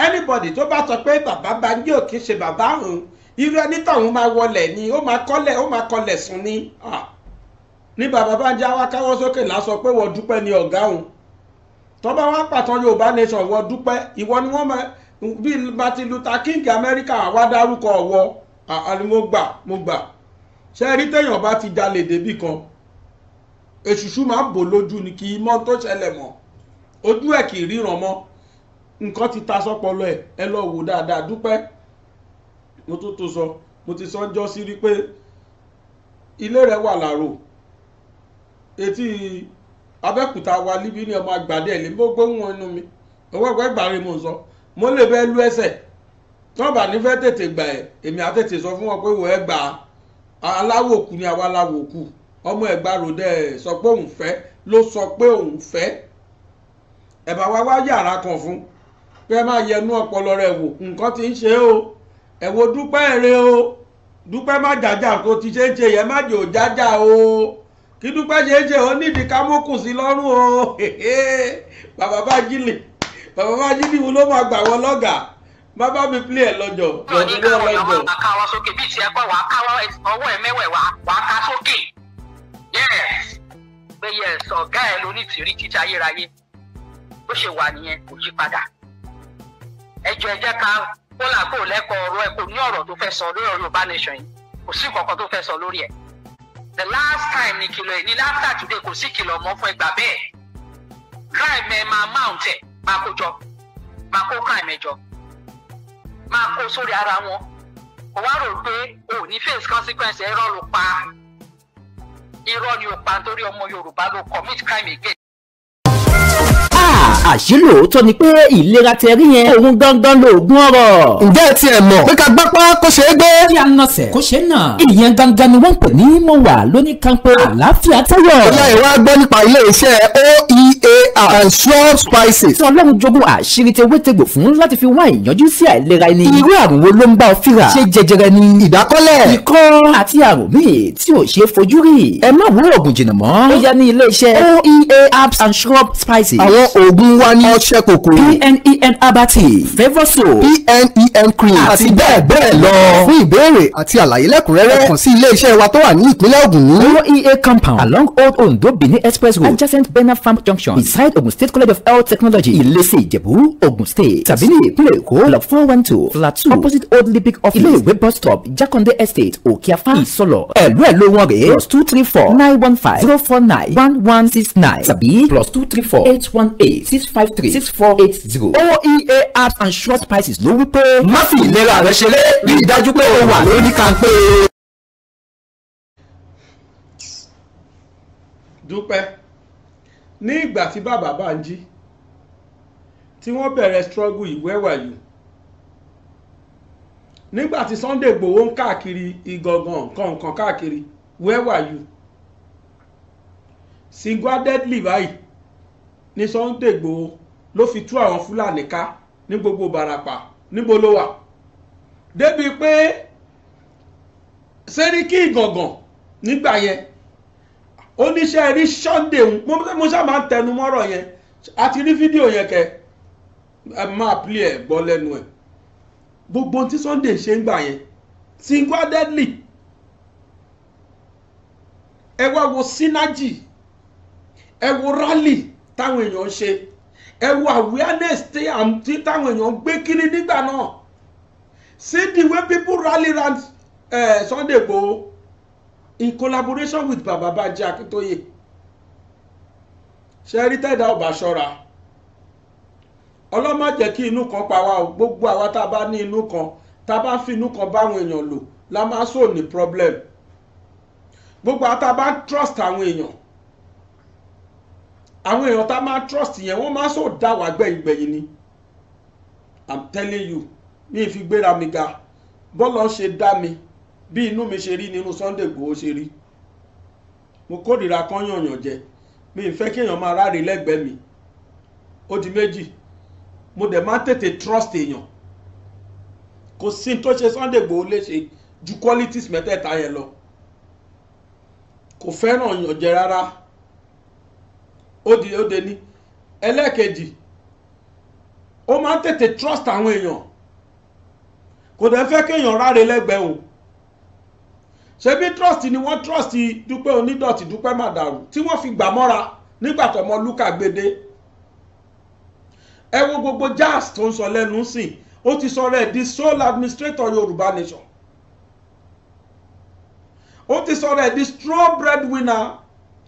anybody tó bá sọ pé bàbá Bánjí ò kì í ṣe bàbá òun irú ẹni táwọn máa wọlẹ̀ ni ó máa kọ́lẹ̀ ó máa kọ́lẹ̀ sùn ni. Ah ní bàbá bá ń já wá káwọ́ sókè lásọ pé wọ́n dúpẹ́ ní ọ̀gá òun tó bá wá pàtàn yorùbá nation wọ́n dúpẹ́ ìwọ ni wọ́n bí Martin Luther King America wá dárúkọ ọ̀wọ́ àní mo gbà mo gbà ṣe rí téèyàn bá ti jalè débì kan èṣùṣù máa ń bò lójú ni kì í mọ tó ṣẹlẹ̀ mọ́ ojú ẹ̀ kì í ríran mọ́ nǹkan ti ta sọ́pọlọ ẹ̀ ẹ lọ wò dáadáa dúpẹ́ mo tó tó sọ mo ti sọ ń jọ sí rí pé ilé rẹ̀ wà láàrò etí abẹ́kúta wa líbi ní ọmọ àgbàdé ẹ̀lẹ́ bó gbóhùn inú mi owó ẹ̀kọ́ ìgbàre mò ń sọ mo lè fẹ́ lu ẹsẹ̀ tí wọ́n bá ní fẹ́ tètè gbà ẹ̀ èmi á tètè sọ fún wọn pé wọ́n ẹ gbà á aláwò kù ni àwa aláwò kù ọmọ ẹ̀gbá ròdẹ ẹ̀ sọ pé òun fẹ́ ló sọ pé òun fẹ́ ẹ̀ bá wá wá yàrá kan fún pé ẹ máa yẹnu ọpọlọ rẹ wò nǹkan tí ń ṣe o ẹ wo dúpẹ́ rẹ o dúpẹ́ má jàjà kó ti ṣe ń ṣe yẹn má jò jájà o kí dúpẹ́ ṣe é ṣe ó nídìí ká mókùn sí lọ́rùn o [LAUGHS] bàbá bá jílì bàbá bá jílì wo ló máa gbà wọ́n lọ́gàá má bá mi plé ẹ̀ lọ́jọ́ lọ́jọ́ lọ́jọ́. àwọn ọmọ ká wa sókè bíi ti ẹ̀kọ́ wàá ká ọwọ́ ẹ̀ mẹ́wẹ̀ wàá ká sókè pé yẹs ọ̀gá ẹ̀ ló ní tìrí títa ayérayé bó ṣe wà nìyẹn kò yí padà ẹjọ́ ẹ jẹ́ ká kólà kó lẹ́kọ̀ọ́ ọ̀rọ̀ ẹ̀ kò ní ọ̀rọ̀ tó fẹ́ sọ lórí ọ̀rọ̀ Yorùbá nation yìí kò sí nǹkan kan tó fẹ́ sọ lórí ẹ̀ the last time ni kìlọ̀ ẹ̀ ní láfíà today kò sí kìlọ̀ ọmọ fún ẹgbà bẹ́ẹ̀ crime ẹ̀ máa mount ẹ̀ máa kó jọ máa kó crime ẹ̀ jọ máa kó sórí ara wọn kò wá rò pé o ní face consequence ẹ̀rọ ló pa irọ́ ni ó pa nítorí ọmọ Yorùbá ló commit crime again àṣì lóòótọ́ ni pé ìlera tẹ yẹn òun gangan lóògùn ọ̀rọ̀. ǹjẹ́ ẹ tiẹ̀ mọ̀ pé ká gbápá kó ṣeé gbé. kí a nọ sẹ̀ kó ṣe náà. ìyẹn gangan ni wọ́n pè ní mo wà lóní kanpo àlàáfíà tẹ́yọ̀. ó ìwà gbọ́ nípa ilé iṣẹ́ oea and sure spices. tí ọlọ́run jogún àṣírí tẹ wétegbò fún láti fi wá ìyanjú sí àìlera ẹni. irú àrùn wo ló ń bá ọ fíra. ṣé jẹjẹrẹ ni. ìdákọ́lẹ̀. ikọ́ àti àrùn míì tí ò ṣeé fojú rí. ẹ má wú oògùn jìnnà mọ́. ó yá ní ilé iṣẹ́ oea and shrub spices. àwọn oògùn ń wá ní ọṣẹ kòkó pnen abati e e favourso pnen e cream àti bẹ́ẹ̀ bẹ́ẹ̀ lọ. fún ìbéèrè àti àlàyé lẹ́kùnrẹ́rẹ́ kàn sí ilé iṣẹ́ wa tó wà ní ìpínlẹ̀ Ògùn ní. owó ea compound along old ondo benin express road adjacent bena farm junction beside Ogun State College of Health Technology Ilese Ìjẹ̀bú Ogun State tàbí ní ìpínlẹ̀ Èkó block four one two flat two opposite old libic office ilé ìwé bus stop Jakande estate Òkèàfà Ìsọlọ̀ ẹ̀lú ẹ̀ ló wọ́n rèé plus two three four nine one five zero four nine one one six nine tàbí plus two three four eight one eight six five three six four eight zero oea apps and short prices ló wí pé. má fi ìlera rẹ ṣeré rí i dájú pé o wà lórí kàńpé. dúpẹ́ ní ìgbà tí bàbá bá ń jí tí wọ́n bẹ̀rẹ̀ struggle ìwẹ́wà yìí nígbà tí Sunday Igboho ń káàkiri ìgangan nǹkan nǹkan káàkiri where were you single-handedly báyìí ní Sunday Igboho ló fi tú àwọn Fúlàní ká ní gbogbo Ìbàràpà níbo ló wà débi pé Sẹ́ríkì Ìgàngàn nígbà yẹn oníṣẹ́ rí Sunday mo sábà ń tẹnu mọ́rọ̀ yẹn àti rí fídíò yẹn kẹ ẹ máa plé ẹ gbọ́ lẹ́nu ẹ̀ gbogbo tí Sunday ṣe ń gbà yẹn singularly ẹ wá wo synergy ẹ wo rally táwọn èèyàn ń ṣe ẹ wo awareness tí táwọn èèyàn ń gbé kiri nígbà náà see the way people rally round uh, Sunday go in collaboration with Baba Banji Akintoye ṣe rí tẹ́dá ọba ṣọ́ra ọlọ́mọ jẹ́ kí inú kan pa wá o gbogbo àwa tá a bá ní inú kan tá a bá fi inú kan báwọn èèyàn lò la máa sọ ní problem gbogbo àwa tá a bá trust àwọn èèyàn àwọn èèyàn tá a máa trust yẹn wọ́n máa sọ dá wà gbẹ̀yìn gbẹ̀yìn ni i'm telling you mi fi gbéra mi ga bọ́lọ̀ ṣe dá mi bí inú mi ṣe rí nínú Sunday Igboho ṣe rí mo kórìíra kan yànyàn jẹ mi ì fẹ́ kéèyàn máa ráre lẹ́gbẹ̀ẹ́ mi ó di méjì mo dẹ̀ máa tètè trust èèyàn kò sí tó ṣe Sunday Igboho léṣe ju qualities mẹ́tẹ̀ẹ̀ta yẹn lọ kò fẹ́ràn yànjẹ rárá Odi di ó deni ẹlẹ́ẹ̀kejì ó máa ń tètè trust àwọn èèyàn kò dẹ̀ fẹ́ kéèyàn ráre lẹ́gbẹ̀ẹ́ o ṣebí trust ni wọ́n trust dúpẹ́ onídọ̀tí dúpẹ́ màdàrú tí wọ́n fi gbà mọ́ra nígbà tọmọ lúkà gbede ẹ wo gbogbo jazz tó ń sọ lẹ́nu sìn ó ti sọ rẹ̀ di sole administrator yorùbá nation ó ti sọ rẹ̀ di straw breadwinner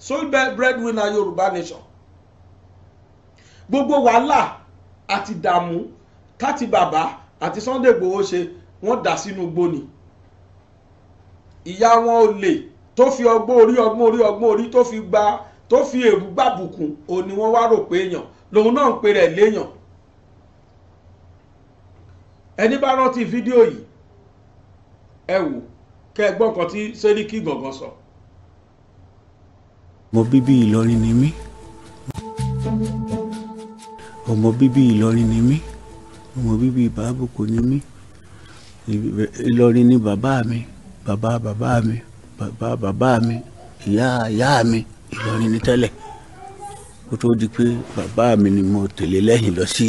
sole breadwinner yorùbá nation gbogbo wàhálà àti dààmú táti bàbá àti Sunday Igboho ṣe wọ́n dà sínú igbó ni ìyá wọn olè tó fi ọgbọ́n orí ọgbọ́n orí ọgbọ́n orí tó fi gba tó fi èrú gbàbùkún òun ni wọ́n wá rò pé èèyàn lòun náà ń pe rẹ̀ léèyàn ẹni bá rántí fídíò yìí ẹ wò kẹ́ ẹ gbọ́ nǹkan tí sẹ́ríkì gangan sọ. mo bíbí Ìlọrin ni mí ọmọ bíbí Ìlọrin ni mí ọmọ bíbí Ìbábòkò ni mí Ìlọrin ni bàbá mi bàbá bàbá mi bàbá bàbá mi ìyá ìyá mi Ìlọrin ni tẹ́lẹ̀ kó tó di pé bàbá mi ni mo tẹ̀lé lẹ́yìn lọ sí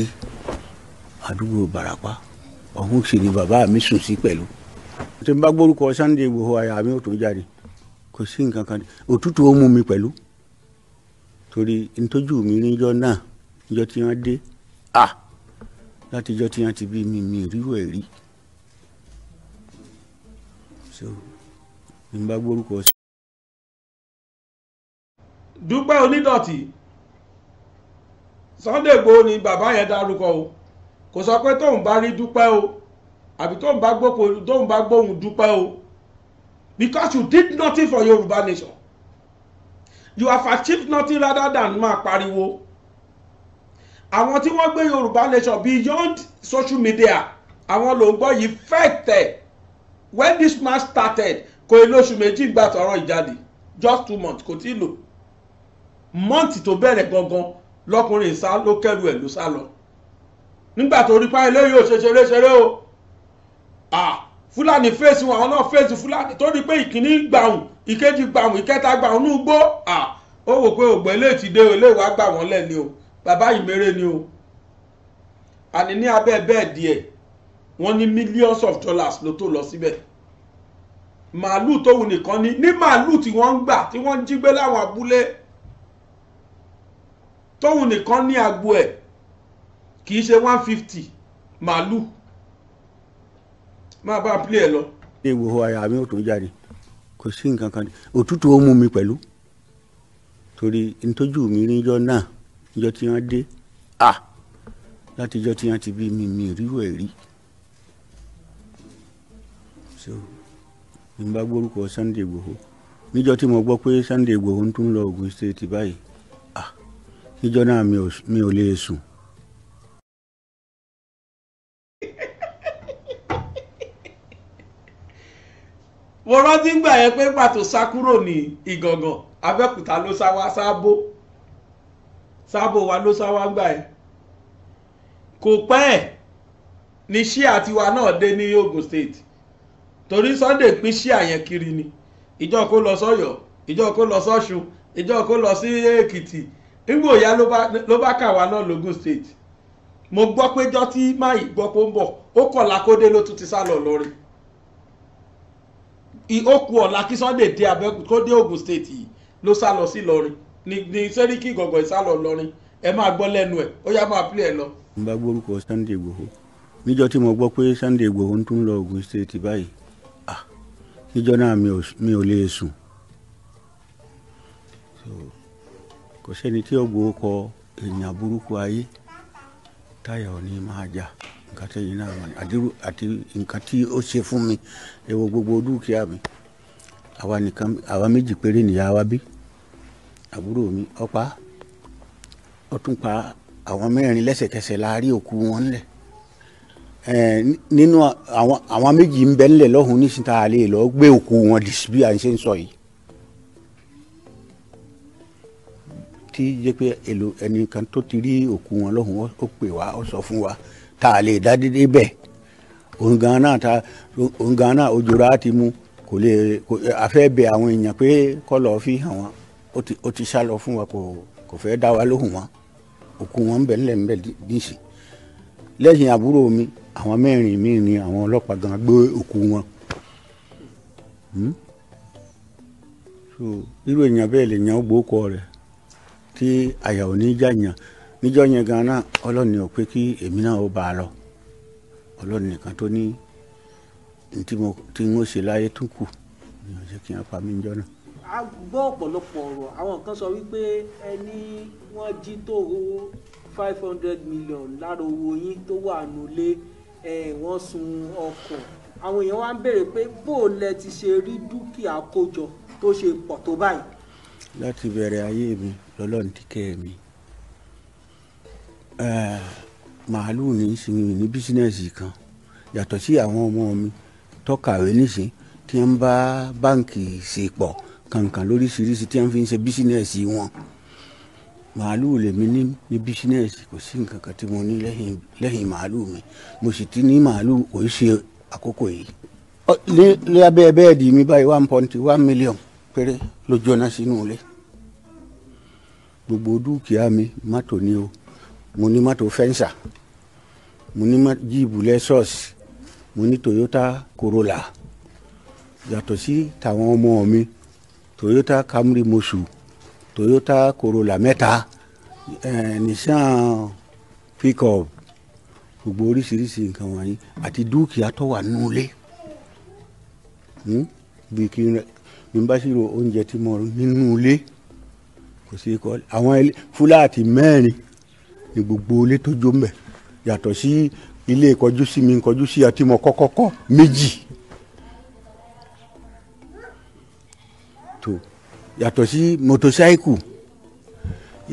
àdúgbò Ìbàràpá ọ̀hún sì ni bàbá mi sùn sí pẹ̀lú tí n bá gbórúkọ Sunday Igboho àyà mi ò tó jáde kò sí nǹkan kan òtútù ó mú mi pẹ̀lú torí ntójú mi níjọ́ náà ìjọ tí wọ́n dé à ah! láti ìjọ tí wọ́n ti bí mi mi ìrírò ẹ̀ rí so ni n bá gbórúkọ sí. Dúpẹ́ Onídọ̀tí Sunday Igboho ni bàbá yẹn dárúkọ o kò sọ pé tóun bá rí Dúpẹ́ o àbí tóun bá gbóhùn Dúpẹ́ o because you did nothing for Yorùbá nation you have achieved nothing rather than máa pariwo àwọn tí wọ́n gbé yorùbá nation beyond social media àwọn ló ń gbọ́ yìí fẹ́ẹ̀tẹ̀ when this man started kò ní oṣù méjì gbà tọrọ ìjáde just two months kò tí ì lò mọ́ǹtì tó bẹ̀rẹ̀ gangan lọkùnrin ìsá ló kẹ́rù ẹ̀ ló sá lọ nígbà tó rí páyé lóyún ò ṣe ṣeré ṣeré o fúlàní fèsì wọn àwọn náà fèsì fúlàní tó rí pé ìkíní gbàùn ìkejì gbàùn ìkẹta gbàùn ní ugbó ó wò pé ògbẹ́ lè ti dé o eléwàá gbà wọ́n lẹ́ni o. Ah, bàbá yìí méré ni o àní ní abẹ́ bẹ́ẹ̀ díẹ̀ wọ́n ní millions of dollars ló tó lọ síbẹ̀ màálù tó wù nìkan ni ní màálù tí wọ́n ń gbà tí wọ́n ń jí gbé láwọn abúlé tóun nìkan ní agbo ẹ̀ kì í ṣe one fifty màálù máa bá a play ẹ lọ. ilé ìwòho àyà mi ò tó jáde kò sí nǹkan kan òtútù ó mú mi pẹ̀lú torí ntójú mi níjọ́ náà ìjọ tí wọ́n dé A, láti ìjọ tí wọ́n ti bí mi mi rí wẹ̀ rí so n bá gbórúkọ Sunday Igboho níjọ tí mo gbọ́ pé Sunday Igboho ń tún lọ Ogun State báyìí à níjọ náà mi ò lè sùn. mo rántí gbà yẹn pé pàtó sá kúrò ní Ìgàngàn Abẹ́òkúta ló sá wá sábó sábò wa ló sáwá ń gbà ẹ́ kò pẹ́ ẹ̀ ni ṣíà tiwa náà dé ní Ogun State torí Sunday pín ṣíà yẹn kiri ni ìjọ kó lọ sọ́yọ́ ìjọ kó lọ sọ́ṣun ìjọ kó lọ sí Èkìtì ngbòòyà ló bá kà wá náà lógún State mo gbọ́ pé jọ́ tí máì gbọ́ pé ó ń bọ̀ ó kọ̀ lakódé ló tún ti sá lọ lọ́rin ó ku ọ̀la kí Sunday dé abẹ́kú kó dé Ogun State yìí ló sá lọ sí lọ́rin ni ni sẹ́ríkì gọ̀gọ̀ ìsálọ̀ lọrin ẹ máa gbọ́ lẹ́nu ẹ̀ ó yá máa play ẹ lọ. n bá gbórúkọ Sunday Igboho níjọ́ tí mo gbọ́ pé Sunday Igboho ń tún lọ Ògùn state báyìí ah níjọ́ náà mi ò lè sùn kò sẹ́ni tí ó gbórúkọ èèyàn burúkú ayé táyà ò ní máa jà nǹkan tẹ̀yìn náà wà ní àti nǹkan tí ó ṣe fún mi ẹ wo gbogbo dúkìá mi àwa nìkan àwa méjì péré nìyá wa bí àbúrò mi ọ̀pá ó tún pa àwọn mẹ́rin lẹ́sẹ̀kẹsẹ̀ láàárín òkú wọn ńlẹ̀ nínú àwọn méjì ń bẹ ńlẹ̀ lọ́hùn nísìnyí tá a lè lọ gbé òkú wọn dì sí bí à ń ṣe ń sọ yìí tí jẹ́ pé èlò ẹnìkan tó ti rí òkú wọn lọ́hùn ó pè wá ó sọ fún wa tá a lè dá dédé bẹ́ẹ̀ òun náà ta òun ti mú kò lè àfẹ́ bẹ àwọn èèyàn pé kọ́ lọ́ọ́ fi hàn wọ́n ó ti sá lọ fún wa kò kò fẹ́ dá wa lóhùn wọn òkú wọn ń bẹ ńlẹ̀ ńbẹ̀ níṣì lẹ́yìn àbúrò mi àwọn mẹ́rin mi ni àwọn ọlọ́pàá gan gbé òkú wọn hmm? so irú èèyàn bẹ́ẹ̀ lè yan gbókọ rẹ̀ tí àyà ò ní já yàn níjọ́ yẹn gan náà ọlọ́ni ò pé kí èmi náà ó bá a lọ ọlọ́ni nìkan tó ní tí mo ti ń ṣe láyé tún kù ni ọ̀sẹ̀ kí n pa mí jọ náà a gbọ́ ọ̀pọ̀lọpọ̀ ọ̀rọ̀ àwọn kan sọ wípé ẹni wọ́n jí tó owó five hundred million lára owó yín tó wà nulé ẹ̀ wọ́n sun ọkọ̀ àwọn èèyàn wá ń béèrè pé bó lẹ ti ṣe rí dúkìá kójọ tó ṣe pọ̀ tó báyìí. láti bẹ̀rẹ̀ ayé mi lọ́lọ́run ti kẹ́ mi màálù ní ìsinmi ní bísínẹ́sì kan yàtọ̀ sí àwọn ọmọ mi tọ́kàwé níṣẹ́ tí ń bá báǹkì ṣe pọ̀ kàǹkà lóríṣiríṣi tí wọ́n fi ń ṣe bísínẹ́ẹ̀sì wọn màálù lèmi ní ní bísínẹ́ẹ̀sì kò sí nǹkan kan tí mo ní lẹ́yìn lẹ́yìn màálù mi mo sì ti ní màálù kò àkókò yìí. ní ní bẹ́ẹ̀dì mi báyìí one point one million péré ló jóná sínú ilé gbogbo dúkìá mi mọ́tò ni o mo ní mọ́tò fẹ́ǹsà mo ní jíìbù lẹ́sọ̀ọ̀sì mo ní Toyota Corolla yàtọ̀ sí tàwọn ọmọ mi toyota camry mosu toyota corolla mẹ́ta eh, nissan pickup gbogbo oríṣiríṣi nǹkan wọ̀nyí àti dúkìá tó wà nule, hmm? bí kí n bá oúnjẹ tí mo nínú ilé kò sí kọ́ àwọn fúláàtì mẹ́rin ní gbogbo ilé tó jó mbẹ̀ yàtọ̀ sí ilé ìkọjú sí mi ìkọjú sí àti mo kọ́kọ́ méjì. yàtọ̀ sí motosáíkù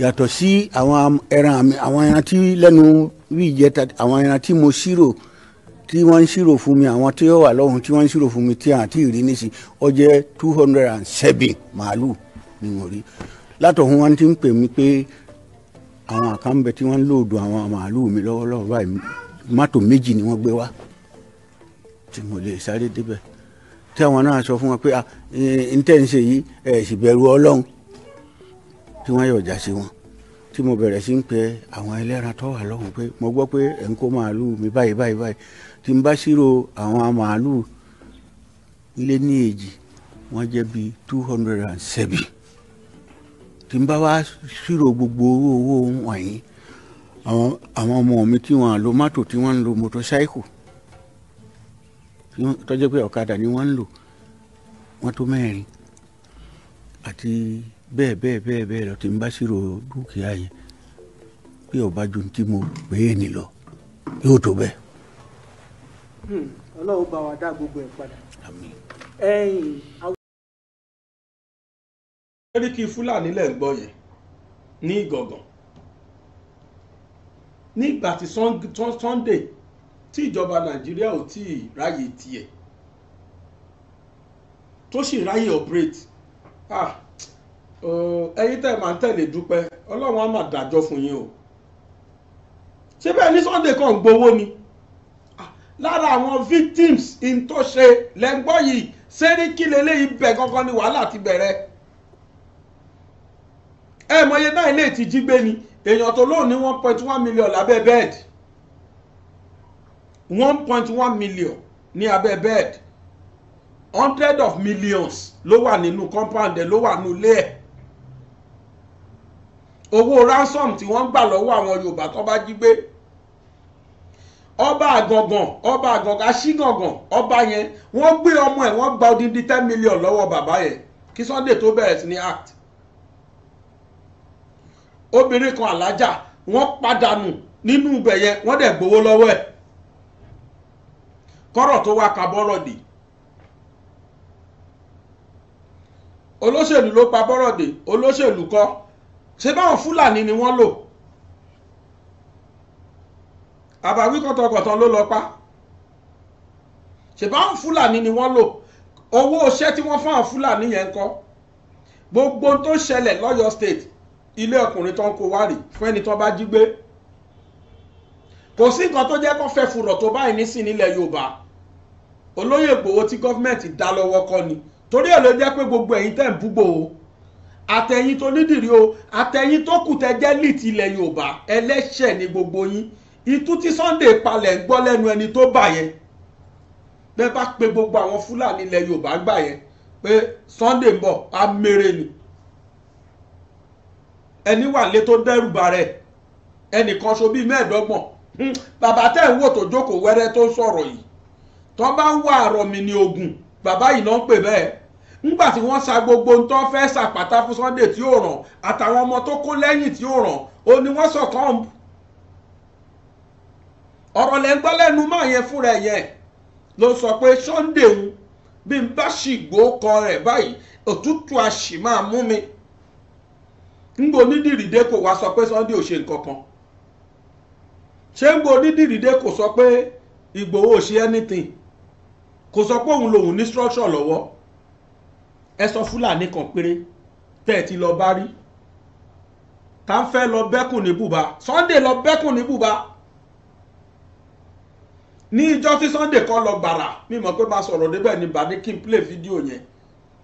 yàtọ̀ sí àwọn ẹran àmì àwọn ẹran tí lẹ́nu rí ìjẹta àwọn ẹran tí mo ṣírò tí wọ́n ń ṣírò fún mi àwọn tí ó wà lọ́hùn tí wọ́n ń ṣírò fún mi tí àti ìrí nísì ó two hundred and seven màálù ni mo rí látọ̀hún wọn ti ń pè mí pé àwọn àkànbẹ tí wọ́n ń lòdù àwọn màálù mi lọ́wọ́lọ́wọ́ báyìí mọ́tò méjì ni wọ́n gbé wá tí mo lè sáré débẹ̀ tí àwọn náà sọ fún wọn pé ah, n tẹ́ ń ṣe yìí ẹ̀ sì bẹ̀rù ọlọ́run tí wọ́n yọ̀jà sí wọn tí mo bẹ̀rẹ̀ sí ń pe àwọn ẹlẹ́ran tó wà lọ́hùn pé mo gbọ́ pé ẹ̀ ń kó màálùú mi báyìí báyìí báyìí tí n bá ṣírò àwọn màálùú lé ní èjì wọ́n jẹ́ bíi two hundred and seven tí n bá wá ṣírò gbogbo owó owó wọ̀nyí àwọn ọmọ mi tí wọ́n lo mọ́tò tí wọ́n ń lo mọ́tò tó jẹ́ pé ọ̀kadà ni wọ́n ń lò wọ́n tó mẹ́rin àti bẹ́ẹ̀ bẹ́ẹ̀ bẹ́ẹ̀ bẹ́ẹ̀ lọ tí ń bá ṣírò dúkìá yẹn pé ọba ju tí mo pè é nì lọ yóò tó bẹ́ẹ̀. Hmm, ọlọ́run bá wa dá gbogbo ẹ̀ padà. àmín. àwọn. eríkì fúlàní lẹ̀ gbọ́ yẹn ní ìgọ̀gàn nígbà tí Sunday tí ìjọba nàìjíríà ò tí ì ráyè tiẹ̀ tó sì ráyè operate ah ẹ̀yin tẹ́ máa ń tẹ̀lé dúpẹ́ ọlọ́run á máa dájọ́ fún yín o ṣé bẹ́ẹ̀ ní Sunday kan gbowó ni ah, lára àwọn victims ìtọ́ṣe lẹ́ngbọ́ yìí Sẹ́ríkì lélẹ́yìí bẹ̀ kankan ni wàhálà ti bẹ̀rẹ̀ ẹ mọye náà ilé ti jí gbé ni èèyàn tó lóun ní one point one million lábẹ́ bẹ́ẹ̀dì one point one million ní abẹ́ bed hundred of millions ló wà nínú compound ẹ̀ ló wà nínú ilé ẹ̀ owó ransom tí wọ́n gbà lọ́wọ́ àwọn Yorùbá tó bá jí gbé ọba àgàngàn ọba àgàngàn aṣígàngàn ọba yẹn wọ́n gbé ọmọ ẹ̀ wọ́n gba odindi ten million lọ́wọ́ bàbá yẹn kí Sunday tó bẹ̀rẹ̀ sí ní act obìnrin kan alájà wọ́n padànù nínú ibẹ̀ yẹn wọ́n dẹ̀ gbowó lọ́wọ́ ẹ̀ kọ́rọ̀ tó wá ka bọ́rọ̀ dè olóṣèlú ló pa bọ́rọ̀ dè olóṣèlú kọ́ ṣé báwọn fúlàní ni wọ́n lò àbáwí kọ̀tọ̀kọ̀tọ̀ ló lọ pa ṣé báwọn fúlàní ni wọ́n lò owó iṣẹ́ tí wọ́n fáwọn fúlàní yẹn ń kọ́ gbogbo tó ṣẹlẹ̀ lọ́yọ̀ state ilé ọkùnrin tó ń kó wárì fún ẹni tó bá jí gbé kò sí nǹkan tó jẹ́ kó fẹ́ furọ̀ tó báyìí nísìn nílẹ̀ Yorùbá olóyè Ìgbòho tí gọ́fìmẹ̀ntì dá lọ́wọ́ kọ́ ni torí ẹ̀ ló jẹ́ pé gbogbo ẹ̀yin tẹ̀ ń búgbò o àtẹ̀yin tó nídìrí o àtẹ̀yin tó kù tẹ́ jẹ́ lì tilẹ̀ Yorùbá ẹlẹ́ṣẹ̀ ni gbogbo yín itú tí Sunday palẹ̀ ń gbọ́ lẹ́nu ẹni tó bà yẹn bẹ́ bá pe gbogbo àwọn Fúlàní ilẹ̀ Yorùbá gbà yẹn pé Sunday ń bọ̀ á mèrè ni ẹni wà lé tó dẹ́rù bà rẹ̀ ẹnìkan ṣo bíi mẹ́ẹ̀ẹ́dọ́gbọ̀n Hmm, bàbá tẹ́ ń wò tó jókòó wẹ́rẹ́ tó sọ̀rọ̀ yìí tó bá wà àrọ̀mì ní ogun bàbá yìí ló ń pè bẹ́ẹ̀ ńgbà tí wọ́n sa gbogbo ń tọ́ fẹ́ sàpàtà fún Sunday tí ó ràn àtàwọn ọmọ tó kó lẹ́yìn tí ó ràn ó ní wọ́n sọ̀kan ọ̀rọ̀ lẹ́ ń gbọ́ lẹ́nu máa yẹn fúnra ẹ̀ yẹn ló sọ pé Sunday ń bí n bá ṣìgbó kọ rẹ̀ báyìí òtútù àṣì máa mú mi ńgbò nídìrí dé kò wá sọ pé Sunday ò ṣe nǹkan kan ṣé ń bo onídìrídé kò sọ pé Ìgbòho ò ṣe anything kò sọ pé òun lòun ní structure lọ́wọ́ ẹ sọ Fúlàní kan péré tẹ́ ẹ ti lọ bá rí tá ń fẹ́ lọ bẹ́kùn ní bùbá Sunday lọ bẹ́kùn ní bùbá ní ìjọ tí Sunday kan lọ gbàrà mímọ̀ pé bá sọ̀rọ̀ débẹ̀ ní bàdé kí n play fídíò yẹn